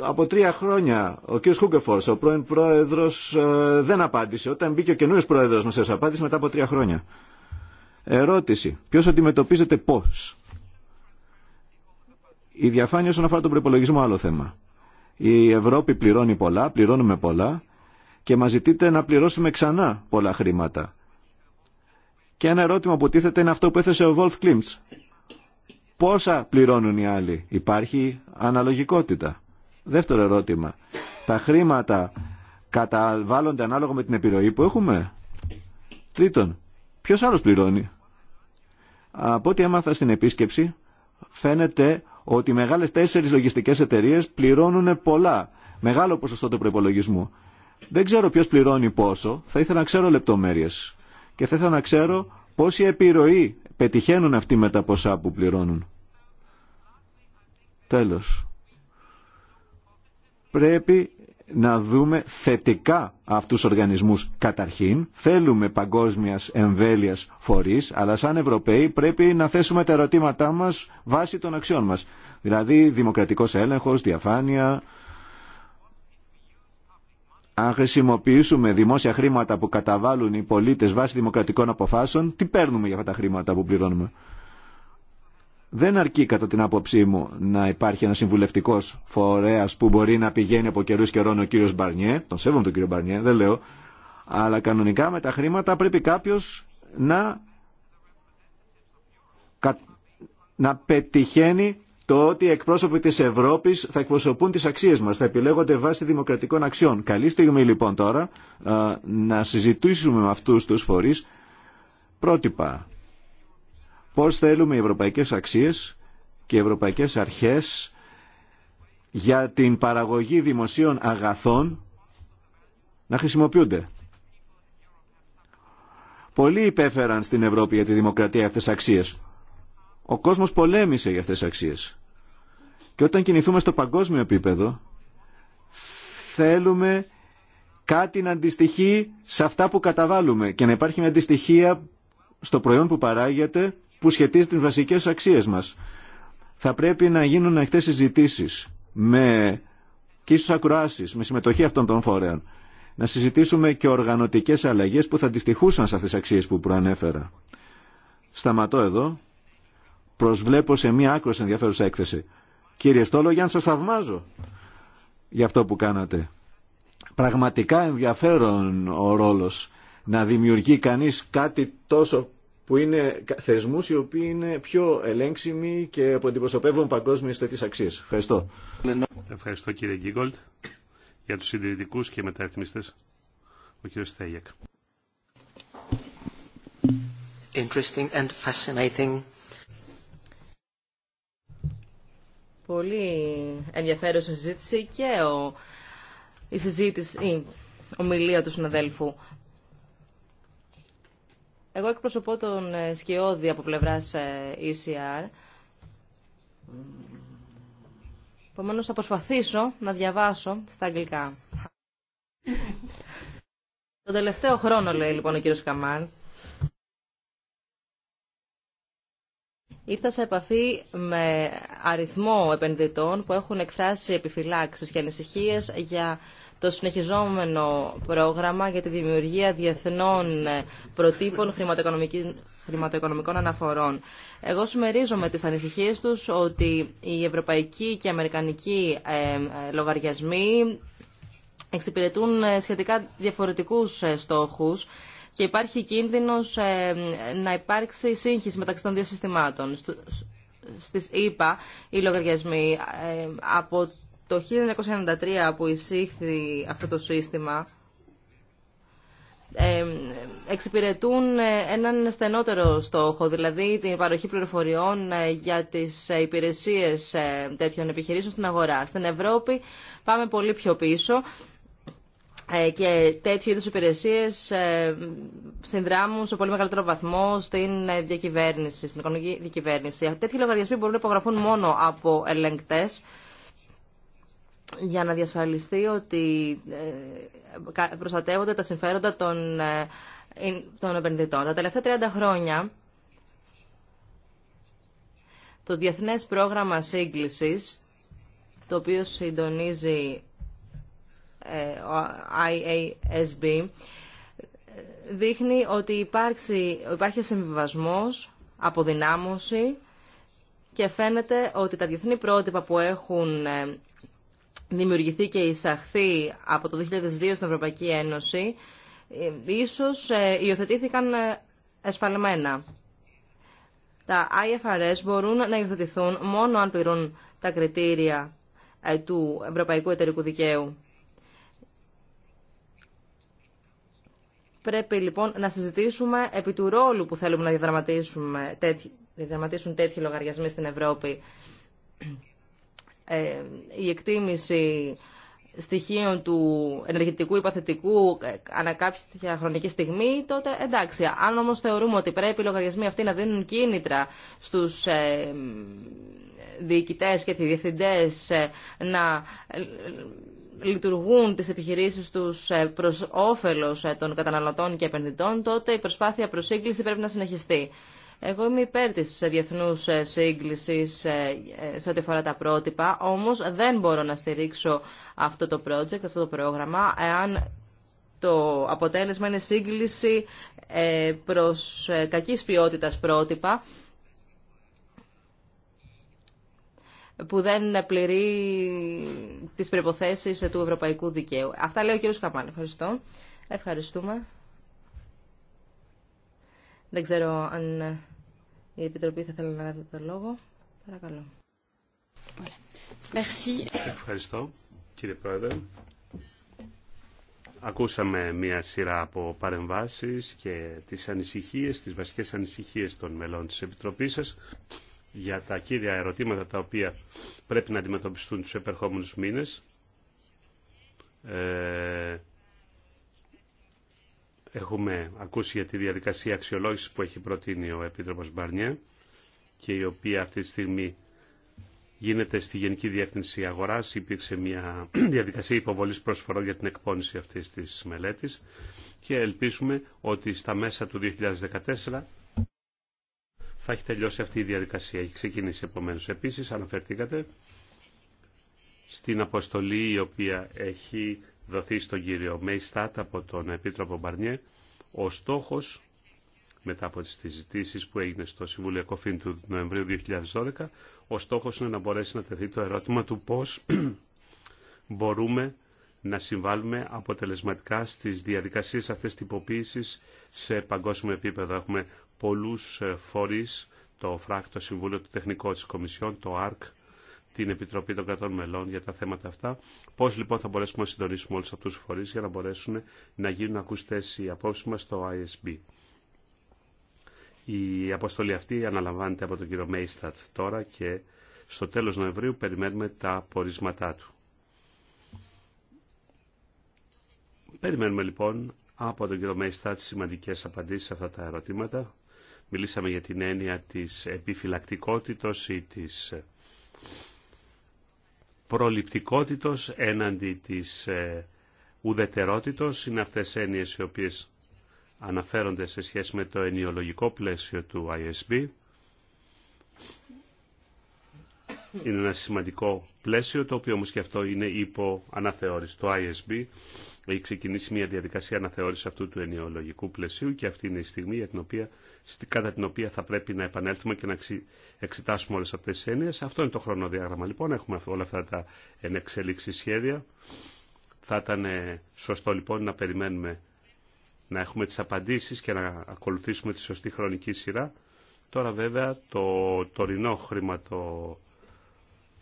C: από τρία χρόνια ο κ. Χούγκεφορς, ο πρώην πρόεδρος, ε, δεν απάντησε. Όταν μπήκε ο καινούριος πρόεδρος μας, απάντησε μετά από τρία χρόνια. Ερώτηση. Ποιος αντιμετωπίζεται πώς. Η διαφάνεια όσον αφορά τον προπολογισμό άλλο θέμα. Η Ευρώπη πληρώνει πολλά, πληρώνουμε πολλά και μας ζητείτε να πληρώσουμε ξανά πολλά χρήματα. Και ένα ερώτημα που τίθεται είναι αυτό που έθεσε ο Βολφ Κλίμτς. Πόσα πληρώνουν οι άλλοι. Υπάρχει αναλογικότητα. Δεύτερο ερώτημα. Τα χρήματα καταβάλλονται ανάλογα με την επιρροή που έχουμε. Τρίτον, ποιος άλλος πληρώνει. Από ό,τι έμαθα στην επίσκεψη, φαίνεται ότι οι μεγάλες τέσσερις λογιστικές εταιρείες πληρώνουν πολλά, μεγάλο ποσοστό του προπολογισμού. Δεν ξέρω ποιος πληρώνει πόσο, θα ήθελα να ξέρω λεπτομέρειες και θα ήθελα να ξέρω πόση επιρροή πετυχαίνουν αυτοί με τα ποσά που πληρώνουν. Τέλος. Πρέπει να δούμε θετικά αυτούς τους οργανισμούς καταρχήν. Θέλουμε παγκόσμιας εμβέλειας φορείς, αλλά σαν Ευρωπαίοι πρέπει να θέσουμε τα ερωτήματά μας βάσει των αξιών μας. Δηλαδή δημοκρατικός έλεγχος, διαφάνεια. Αν χρησιμοποιήσουμε δημόσια χρήματα που καταβάλουν οι πολίτες βάσει δημοκρατικών αποφάσεων, τι παίρνουμε για αυτά τα χρήματα που πληρώνουμε. Δεν αρκεί κατά την άποψή μου να υπάρχει ένα συμβουλευτικό φορέα που μπορεί να πηγαίνει από καιρού καιρών ο κύριο Μπαρνιέ. Τον σέβομαι τον κύριο Μπαρνιέ, δεν λέω. Αλλά κανονικά με τα χρήματα πρέπει κάποιο να... να πετυχαίνει το ότι οι εκπρόσωποι τη Ευρώπη θα εκπροσωπούν τι αξίε μα, θα επιλέγονται βάσει δημοκρατικών αξιών. Καλή στιγμή λοιπόν τώρα ε, να συζητήσουμε με αυτού του φορεί πρότυπα Πώς θέλουμε οι ευρωπαϊκές αξίες και οι ευρωπαϊκές αρχές για την παραγωγή δημοσίων αγαθών να χρησιμοποιούνται. Πολλοί υπέφεραν στην Ευρώπη για τη δημοκρατία αυτές τις αξίες. Ο κόσμος πολέμησε για αυτές τις αξίες. Και όταν κινηθούμε στο παγκόσμιο επίπεδο, θέλουμε κάτι να αντιστοιχεί σε αυτά που καταβάλουμε και να υπάρχει μια αντιστοιχία στο προϊόν που παράγεται που σχετίζει τις βασικές αξίες μας. Θα πρέπει να γίνουν αυτές συζητήσει με και ίσως με συμμετοχή αυτών των φορέων. Να συζητήσουμε και οργανωτικές αλλαγές που θα αντιστοιχούσαν σε αυτές τις αξίες που προανέφερα. Σταματώ εδώ. Προσβλέπω σε μία άκρο ενδιαφέρουσα έκθεση. Κύριε Στόλογιαν, σας θαυμάζω για αυτό που κάνατε. Πραγματικά ενδιαφέρον ο ρόλος να δημιουργεί κανείς κάτι τόσο που είναι θεσμούς οι οποίοι είναι πιο ελέγξιμοι και που αντιπροσωπεύουν παγκόσμιες τέτοιες αξίες. Ευχαριστώ.
B: Ευχαριστώ κύριε Γκίγκολτ για τους συντηρητικού και μεταρρυθμιστές. Ο κύριος Στέγιακ.
A: Πολύ ενδιαφέρουσα συζήτηση και ο, η συζήτηση, η ομιλία του συναδέλφου εγώ εκπροσωπώ τον ε, Σκιώδη από πλευράς ε, ECR. Επομένω θα προσπαθήσω να διαβάσω στα αγγλικά. Τον τελευταίο χρόνο, λέει λοιπόν ο κύριος Καμάλ, ήρθα σε επαφή με αριθμό επενδυτών που έχουν εκφράσει επιφυλάξεις και ανησυχίες για το συνεχιζόμενο πρόγραμμα για τη δημιουργία διεθνών ε, προτύπων χρηματοοικονομικών αναφορών. Εγώ συμμερίζομαι τις ανησυχίες τους ότι οι ευρωπαϊκοί και αμερικανικοί ε, ε, λογαριασμοί εξυπηρετούν σχετικά διαφορετικούς στόχους και υπάρχει κίνδυνος να υπάρξει σύγχυση μεταξύ των δύο συστημάτων. Στις ΕΠΑ οι λογαριασμοί από το 1993 που εισήχθη αυτό το σύστημα ε, εξυπηρετούν ε, έναν στενότερο στόχο, δηλαδή την παροχή πληροφοριών ε, για τις υπηρεσίες τέτοιων επιχειρήσεων στην αγορά. Στην Ευρώπη πάμε πολύ πιο πίσω και τέτοιου είδους υπηρεσίες συνδράμουν σε πολύ μεγαλύτερο βαθμό στην διακυβέρνηση, στην οικονομική διακυβέρνηση. Τέτοιοι λογαριασμοί μπορούν να υπογραφούν μόνο από ελεγκτές για να διασφαλιστεί ότι ε, προστατεύονται τα συμφέροντα των, ε, ε, των επενδυτών. Τα τελευταία 30 χρόνια το Διεθνές Πρόγραμμα Σύγκλησης, το οποίο συντονίζει ο IASB, δείχνει ότι υπάρχει, υπάρχει συμβιβασμός, αποδυνάμωση και φαίνεται ότι τα διεθνή πρότυπα που έχουν δημιουργηθεί και εισαχθεί από το 2002 στην Ευρωπαϊκή Ένωση, ε, ίσως ε, υιοθετήθηκαν ε, εσφαλμένα. Τα IFRS μπορούν να υιοθετηθούν μόνο αν πληρούν τα κριτήρια του Ευρωπαϊκού Εταιρικού Δικαίου. Πρέπει λοιπόν να συζητήσουμε επί του ρόλου που θέλουμε να διαδραματίσουμε, διαδραματίσουν τέτοιοι λογαριασμοί στην Ευρώπη. Ε, η εκτίμηση στοιχείων του ενεργητικού υπαθετικού ε, ανά κάποια χρονική στιγμή, τότε εντάξει. Αν όμως θεωρούμε ότι πρέπει οι λογαριασμοί αυτοί να δίνουν κίνητρα στους ε, διοικητές και διευθυντές ε, να λειτουργούν τις επιχειρήσεις τους προς όφελος των καταναλωτών και επενδυτών, τότε η προσπάθεια προσύγκληση πρέπει να συνεχιστεί. Εγώ είμαι υπέρ της διεθνούς ε, σύγκλησης ε, ε, σε ό,τι αφορά τα πρότυπα, όμως δεν μπορώ να στηρίξω αυτό το project, αυτό το πρόγραμμα, εάν το αποτέλεσμα είναι σύγκληση προς κακής ποιότητας πρότυπα, που δεν πληρεί τις προϋποθέσεις του ευρωπαϊκού δικαίου. Αυτά λέει ο κ. Καμάν. Ευχαριστώ. Ευχαριστούμε. Δεν ξέρω αν η Επιτροπή θα θέλει να λάβει το λόγο. Παρακαλώ.
B: Ευχαριστώ, κύριε Πρόεδρε. Ακούσαμε μία σειρά από παρεμβάσεις και τις ανησυχίες, τις βασικές ανησυχίες των μελών της Επιτροπής σας για τα κύρια ερωτήματα τα οποία πρέπει να αντιμετωπιστούν τους επερχόμενους μήνες. Ε, Έχουμε ακούσει για τη διαδικασία αξιολόγησης που έχει προτείνει ο Επίτροπος Μπαρνιέ και η οποία αυτή τη στιγμή γίνεται στη Γενική Διεύθυνση Αγοράς. Υπήρξε μια διαδικασία υποβολής προσφορών για την εκπόνηση αυτής της μελέτης και ελπίζουμε ότι στα μέσα του 2014 θα έχει τελειώσει αυτή η διαδικασία. Έχει ξεκινήσει επομένω. Επίσης αναφερθήκατε στην αποστολή η οποία έχει δοθεί στον κύριο Μέιστάτ από τον Επίτροπο Μπαρνιέ ο στόχος μετά από τις συζητήσει που έγινε στο Συμβούλιο Κοφίν του Νοεμβρίου 2012 ο στόχος είναι να μπορέσει να τεθεί το ερώτημα του πώς μπορούμε να συμβάλλουμε αποτελεσματικά στις διαδικασίες αυτές τυποποίησης σε παγκόσμιο επίπεδο. Έχουμε πολλούς ε, φορείς, το ΦΡΑΚ, το Συμβούλιο του Τεχνικό της Κομισιόν, το ΑΡΚ, την Επιτροπή των Κρατών Μελών για τα θέματα αυτά. Πώ λοιπόν θα μπορέσουμε να συντονίσουμε όλου αυτού του φορεί για να μπορέσουν να γίνουν ακουστέ οι απόψει μα στο ISB. Η αποστολή αυτή αναλαμβάνεται από τον κύριο Μέιστατ τώρα και στο τέλος Νοεμβρίου περιμένουμε τα πορίσματά του. Περιμένουμε λοιπόν από τον κύριο Μέιστατ σημαντικές απαντήσεις σε αυτά τα ερωτήματα. Μιλήσαμε για την έννοια της επιφυλακτικότητος ή της προληπτικότητος έναντι της ε, ουδετερότητος. Είναι αυτές έννοιες οι οποίες αναφέρονται σε σχέση με το ενιολογικό πλαίσιο του ISB. Είναι ένα σημαντικό πλαίσιο, το οποίο όμως και αυτό είναι υπό αναθεώρηση. Το ISB έχει ξεκινήσει μια διαδικασία αναθεώρηση αυτού του ενοιολογικού πλαισίου και αυτή είναι η στιγμή για την οποία, κατά την οποία θα πρέπει να επανέλθουμε και να εξετάσουμε όλε αυτέ τι έννοιε. Αυτό είναι το χρονοδιάγραμμα λοιπόν. Έχουμε όλα αυτά τα ενεξέλιξη σχέδια. Θα ήταν ε, σωστό λοιπόν να περιμένουμε να έχουμε τις απαντήσεις και να ακολουθήσουμε τη σωστή χρονική σειρά. Τώρα βέβαια το τωρινό χρηματο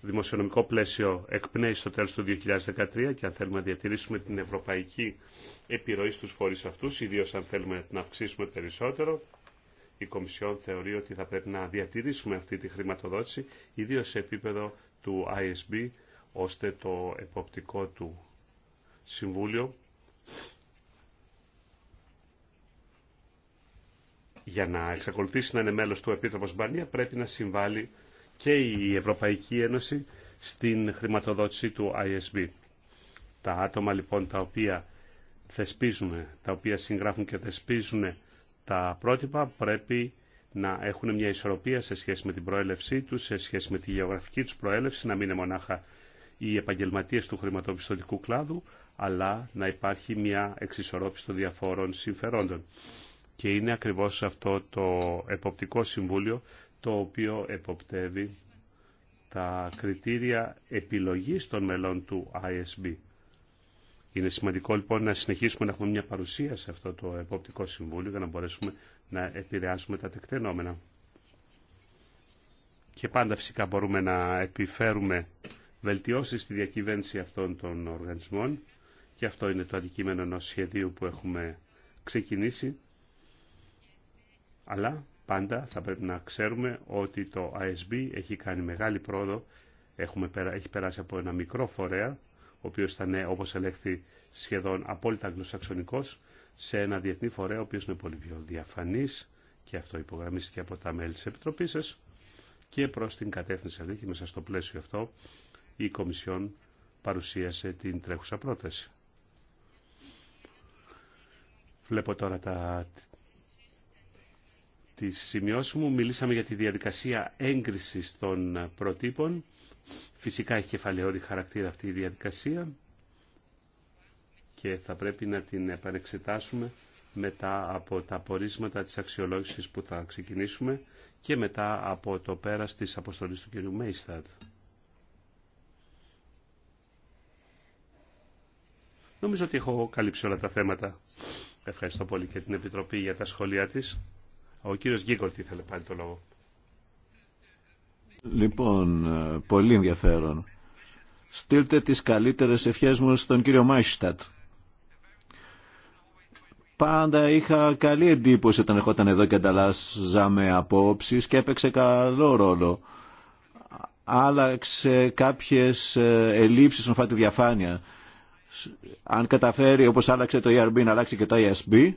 B: δημοσιονομικό πλαίσιο εκπνέει στο τέλος του 2013 και αν θέλουμε να διατηρήσουμε την ευρωπαϊκή επιρροή στους φορείς αυτούς, ιδίως αν θέλουμε να αυξήσουμε περισσότερο, η Κομισιόν θεωρεί ότι θα πρέπει να διατηρήσουμε αυτή τη χρηματοδότηση, ιδίως σε επίπεδο του ISB, ώστε το εποπτικό του Συμβούλιο για να εξακολουθήσει να είναι μέλος του Επίτροπος Μπανία πρέπει να συμβάλλει και η Ευρωπαϊκή Ένωση στην χρηματοδότηση του ISB. Τα άτομα λοιπόν τα οποία θεσπίζουν, τα οποία συγγράφουν και θεσπίζουν τα πρότυπα πρέπει να έχουν μια ισορροπία σε σχέση με την προέλευσή του, σε σχέση με τη γεωγραφική του προέλευση, να μην είναι μονάχα οι επαγγελματίε του χρηματοπιστωτικού κλάδου, αλλά να υπάρχει μια εξισορρόπηση των διαφόρων συμφερόντων. Και είναι ακριβώς αυτό το Εποπτικό Συμβούλιο το οποίο εποπτεύει τα κριτήρια επιλογής των μελών του ISB. Είναι σημαντικό λοιπόν να συνεχίσουμε να έχουμε μια παρουσία σε αυτό το εποπτικό συμβούλιο για να μπορέσουμε να επηρεάσουμε τα τεκτενόμενα. Και πάντα φυσικά μπορούμε να επιφέρουμε βελτιώσεις στη διακυβέρνηση αυτών των οργανισμών και αυτό είναι το αντικείμενο ενός σχεδίου που έχουμε ξεκινήσει. Αλλά Πάντα θα πρέπει να ξέρουμε ότι το ISB έχει κάνει μεγάλη πρόοδο, Έχουμε, έχει περάσει από ένα μικρό φορέα, ο οποίο ήταν, όπω ελέγχθη, σχεδόν απόλυτα αγγλοσαξονικό, σε ένα διεθνή φορέα, ο οποίο είναι πολύ πιο διαφανής και αυτό υπογραμμίστηκε από τα μέλη τη Επιτροπής σα, και προς την κατεύθυνση αυτή και μέσα στο πλαίσιο αυτό η Κομισιόν παρουσίασε την τρέχουσα πρόταση. Βλέπω τώρα τα τις σημειώσεις μου μιλήσαμε για τη διαδικασία έγκρισης των προτύπων. Φυσικά έχει κεφαλαιόδη χαρακτήρα αυτή η διαδικασία και θα πρέπει να την επανεξετάσουμε μετά από τα πορίσματα της αξιολόγησης που θα ξεκινήσουμε και μετά από το πέρας της αποστολής του κ. Μέιστατ. Νομίζω ότι έχω καλύψει όλα τα θέματα. Ευχαριστώ πολύ και την Επιτροπή για τα σχόλιά της. Ο κύριος Γκίκορτ ήθελε πάλι το λόγο.
C: Λοιπόν, ε, πολύ ενδιαφέρον. Στείλτε τις καλύτερες ευχές μου στον κύριο Μάιστατ. Πάντα είχα καλή εντύπωση όταν ερχόταν εδώ και ανταλλάσσαμε απόψει και έπαιξε καλό ρόλο. Άλλαξε κάποιες ε, ελλείψεις στον φάτη διαφάνεια. Αν καταφέρει όπως άλλαξε το ERB να αλλάξει και το ISB. E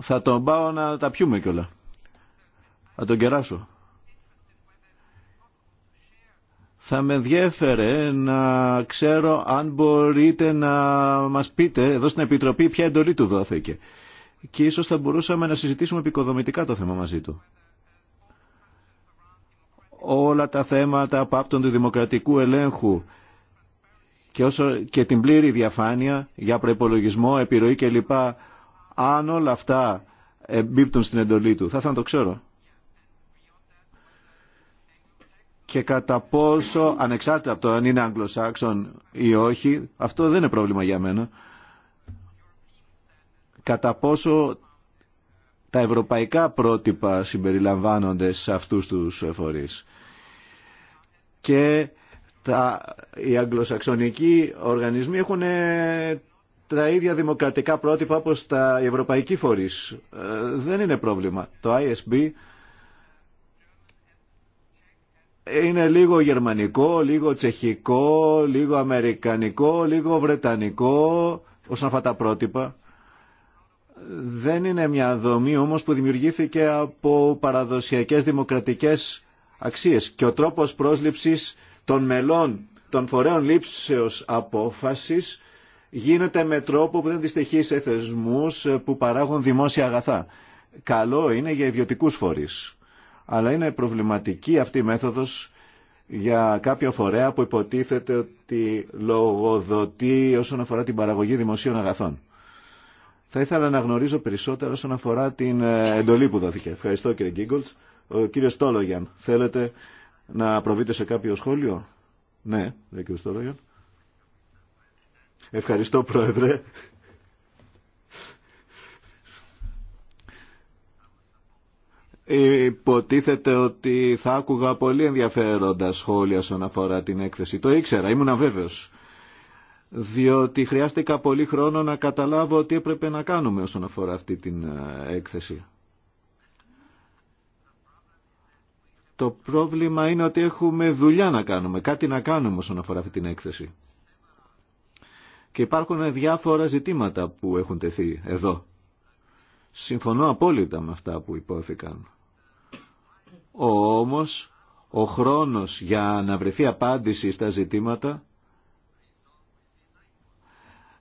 C: θα τον πάω να τα πιούμε κιόλα. Θα τον κεράσω. Θα με ενδιέφερε να ξέρω αν μπορείτε να μας πείτε εδώ στην Επιτροπή ποια εντολή του δόθηκε. Και ίσως θα μπορούσαμε να συζητήσουμε επικοδομητικά το θέμα μαζί του. Όλα τα θέματα που του δημοκρατικού ελέγχου και, όσο, και την πλήρη διαφάνεια για προπολογισμό, επιρροή κλπ αν όλα αυτά εμπίπτουν στην εντολή του. Θα ήθελα να το ξέρω. Και κατά πόσο, ανεξάρτητα από το αν είναι Αγγλοσάξον ή όχι, αυτό δεν είναι πρόβλημα για μένα. Κατά πόσο τα ευρωπαϊκά πρότυπα συμπεριλαμβάνονται σε αυτούς τους φορείς. Και τα, οι αγγλοσαξονικοί οργανισμοί έχουν ε, τα ίδια δημοκρατικά πρότυπα όπω τα ευρωπαϊκή φορείς. Ε, δεν είναι πρόβλημα. Το ISB είναι λίγο γερμανικό, λίγο τσεχικό, λίγο αμερικανικό, λίγο βρετανικό όσον αυτά τα πρότυπα. Δεν είναι μια δομή όμως που δημιουργήθηκε από παραδοσιακές δημοκρατικές αξίες και ο τρόπος πρόσληψης των μελών των φορέων λήψεως απόφασης γίνεται με τρόπο που δεν αντιστοιχεί σε θεσμούς ε, που παράγουν δημόσια αγαθά. Καλό είναι για ιδιωτικού φορείς. Αλλά είναι προβληματική αυτή η μέθοδος για κάποιο φορέα που υποτίθεται ότι λογοδοτεί όσον αφορά την παραγωγή δημοσίων αγαθών. Θα ήθελα να γνωρίζω περισσότερο όσον αφορά την ε, εντολή που δόθηκε. Ευχαριστώ κύριε Γκίγκολτς. Ο Στόλογιαν, θέλετε να προβείτε σε κάποιο σχόλιο. Ναι, λέει κύριος Ευχαριστώ Πρόεδρε. Υποτίθεται ότι θα άκουγα πολύ ενδιαφέροντα σχόλια όσον αφορά την έκθεση. Το ήξερα, ήμουν βέβαιος. Διότι χρειάστηκα πολύ χρόνο να καταλάβω τι έπρεπε να κάνουμε όσον αφορά αυτή την ε, έκθεση. Το πρόβλημα είναι ότι έχουμε δουλειά να κάνουμε, κάτι να κάνουμε όσον αφορά αυτή την έκθεση. Και υπάρχουν διάφορα ζητήματα που έχουν τεθεί εδώ. Συμφωνώ απόλυτα με αυτά που υπόθηκαν. Όμως, ο χρόνος για να βρεθεί απάντηση στα ζητήματα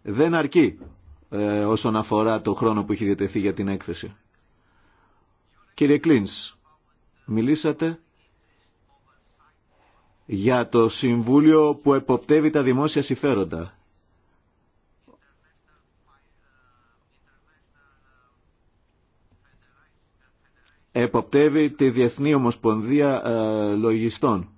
C: δεν αρκεί ε, όσον αφορά το χρόνο που έχει διατεθεί για την έκθεση. Κύριε Κλίνς, μιλήσατε για το Συμβούλιο που εποπτεύει τα δημόσια συμφέροντα. εποπτεύει τη Διεθνή Ομοσπονδία ε, Λογιστών.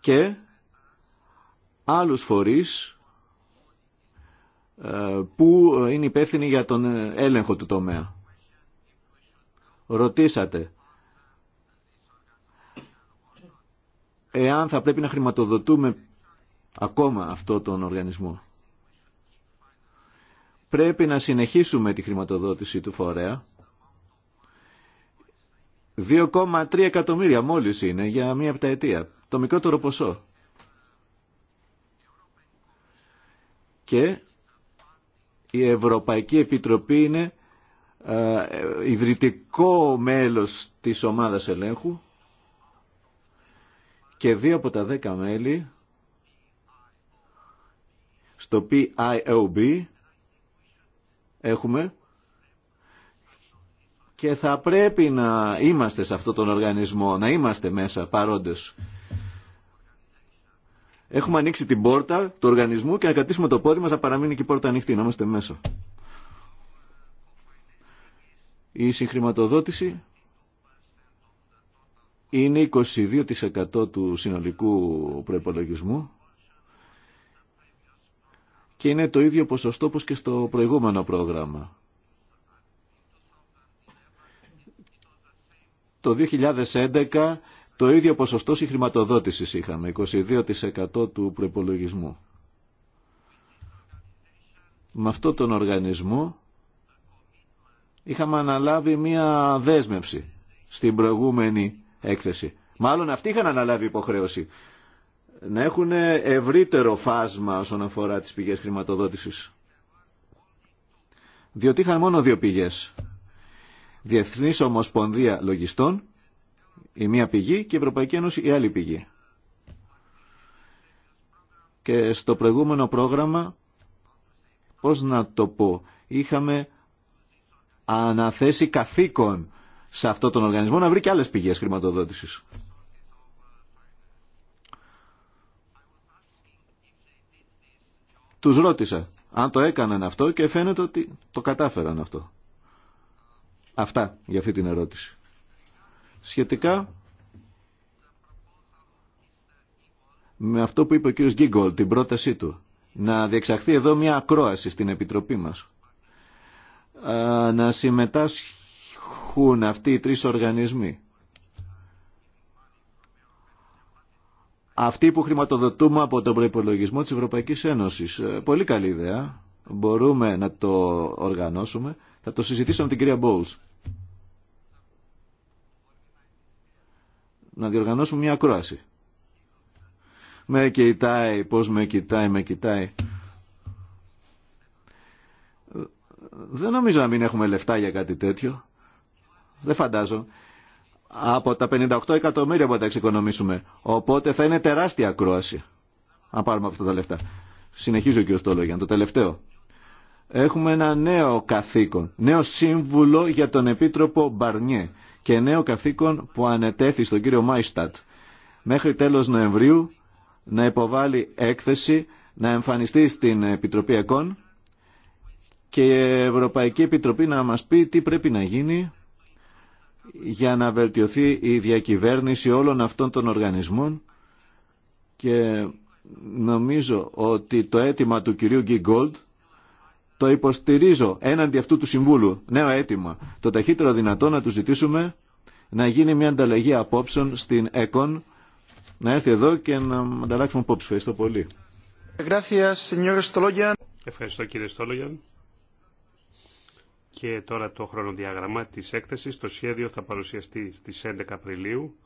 C: και άλλους φορείς ε, που είναι υπεύθυνοι για τον έλεγχο του τομέα. Ρωτήσατε εάν θα πρέπει να χρηματοδοτούμε ακόμα αυτό τον οργανισμό. Πρέπει να συνεχίσουμε τη χρηματοδότηση του φορέα. 2,3 εκατομμύρια μόλις είναι για μία επταετία. Το μικρότερο ποσό. Και η Ευρωπαϊκή Επιτροπή είναι ε, ε ιδρυτικό μέλος της ομάδας ελέγχου και δύο από τα δέκα μέλη στο PIOB έχουμε και θα πρέπει να είμαστε σε αυτόν τον οργανισμό, να είμαστε μέσα παρόντες. Έχουμε ανοίξει την πόρτα του οργανισμού και να κρατήσουμε το πόδι μας να παραμείνει και η πόρτα ανοιχτή, να είμαστε μέσα. Η συγχρηματοδότηση είναι 22% του συνολικού προϋπολογισμού και είναι το ίδιο ποσοστό όπως και στο προηγούμενο πρόγραμμα. Το 2011 το ίδιο ποσοστό συγχρηματοδότησης είχαμε, 22% του προϋπολογισμού. Με αυτό τον οργανισμό είχαμε αναλάβει μία δέσμευση στην προηγούμενη έκθεση. Μάλλον αυτοί είχαν αναλάβει υποχρέωση να έχουν ευρύτερο φάσμα όσον αφορά τις πηγές χρηματοδότησης. Διότι είχαν μόνο δύο πηγές. Διεθνής Ομοσπονδία Λογιστών, η μία πηγή και η Ευρωπαϊκή Ένωση η άλλη πηγή. Και στο προηγούμενο πρόγραμμα, πώς να το πω, είχαμε αναθέσει καθήκον σε αυτόν τον οργανισμό να βρει και άλλες πηγές χρηματοδότησης. Τους ρώτησα αν το έκαναν αυτό και φαίνεται ότι το κατάφεραν αυτό. Αυτά για αυτή την ερώτηση. Σχετικά με αυτό που είπε ο κύριος Γκίγκολ, την πρότασή του, να διεξαχθεί εδώ μια ακρόαση στην Επιτροπή μας. Να συμμετάσχει που αυτοί οι τρεις οργανισμοί. Αυτοί που χρηματοδοτούμε από τον προϋπολογισμό της Ευρωπαϊκής Ένωσης. Ε, πολύ καλή ιδέα. Μπορούμε να το οργανώσουμε. Θα το συζητήσω με την κυρία Μπόλς Να διοργανώσουμε μια ακρόαση. Με κοιτάει, πώς με κοιτάει, με κοιτάει. Ε, δεν νομίζω να μην έχουμε λεφτά για κάτι τέτοιο. Δεν φαντάζω. Από τα 58 εκατομμύρια που θα τα εξοικονομήσουμε. Οπότε θα είναι τεράστια ακρόαση. Αν πάρουμε αυτά τα λεφτά. Συνεχίζω και ο Στόλογιαν. Το τελευταίο. Έχουμε ένα νέο καθήκον. Νέο σύμβουλο για τον Επίτροπο Μπαρνιέ. Και νέο καθήκον που ανετέθη στον κύριο Μάιστατ. Μέχρι τέλος Νοεμβρίου να υποβάλει έκθεση, να εμφανιστεί στην Επιτροπή ΕΚΟΝ και η Ευρωπαϊκή Επιτροπή να μας πει τι πρέπει να γίνει για να βελτιωθεί η διακυβέρνηση όλων αυτών των οργανισμών και νομίζω ότι το αίτημα του κυρίου Γκίγκολτ το υποστηρίζω έναντι αυτού του Συμβούλου. Νέο αίτημα. Το ταχύτερο δυνατό να του ζητήσουμε να γίνει μια ανταλλαγή απόψεων στην ΕΚΟΝ, να έρθει εδώ και να ανταλλάξουμε απόψεις. Ευχαριστώ πολύ.
B: Ευχαριστώ κύριε Στόλογιαν. Και τώρα το χρονοδιάγραμμα της έκθεσης. Το σχέδιο θα παρουσιαστεί στις 11 Απριλίου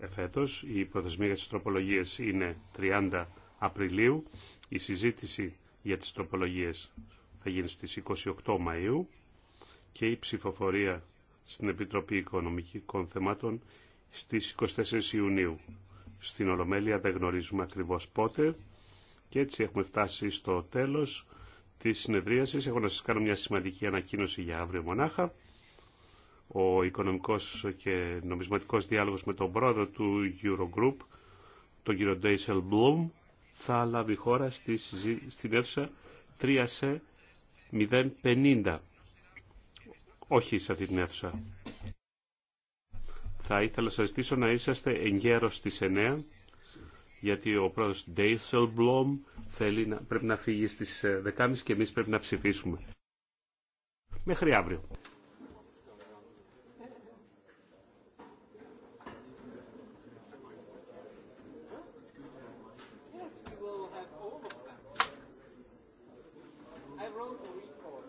B: εφέτος. Η προθεσμία για τις τροπολογίες είναι 30 Απριλίου. Η συζήτηση για τις τροπολογίες θα γίνει στις 28 Μαΐου και η ψηφοφορία στην Επιτροπή Οικονομικών Θεμάτων στις 24 Ιουνίου. Στην Ολομέλεια δεν γνωρίζουμε ακριβώς πότε και έτσι έχουμε φτάσει στο τέλος Τη συνεδρίαση. Έχω να σας κάνω μια σημαντική ανακοίνωση για αύριο μονάχα. Ο οικονομικό και νομισματικό διάλογο με τον πρόεδρο του Eurogroup, τον κύριο Ντέισελ Μπλουμ, θα λάβει χώρα στη, στην αίθουσα 3 σε 050. Όχι σε αυτή την αίθουσα. Θα ήθελα να σα ζητήσω να είσαστε εγκαίρος στι 9 γιατί ο πρόεδρος Ντέισελμπλομ θέλει να, πρέπει να φύγει στις 10.30 ε, και εμείς πρέπει να ψηφίσουμε. Μέχρι αύριο.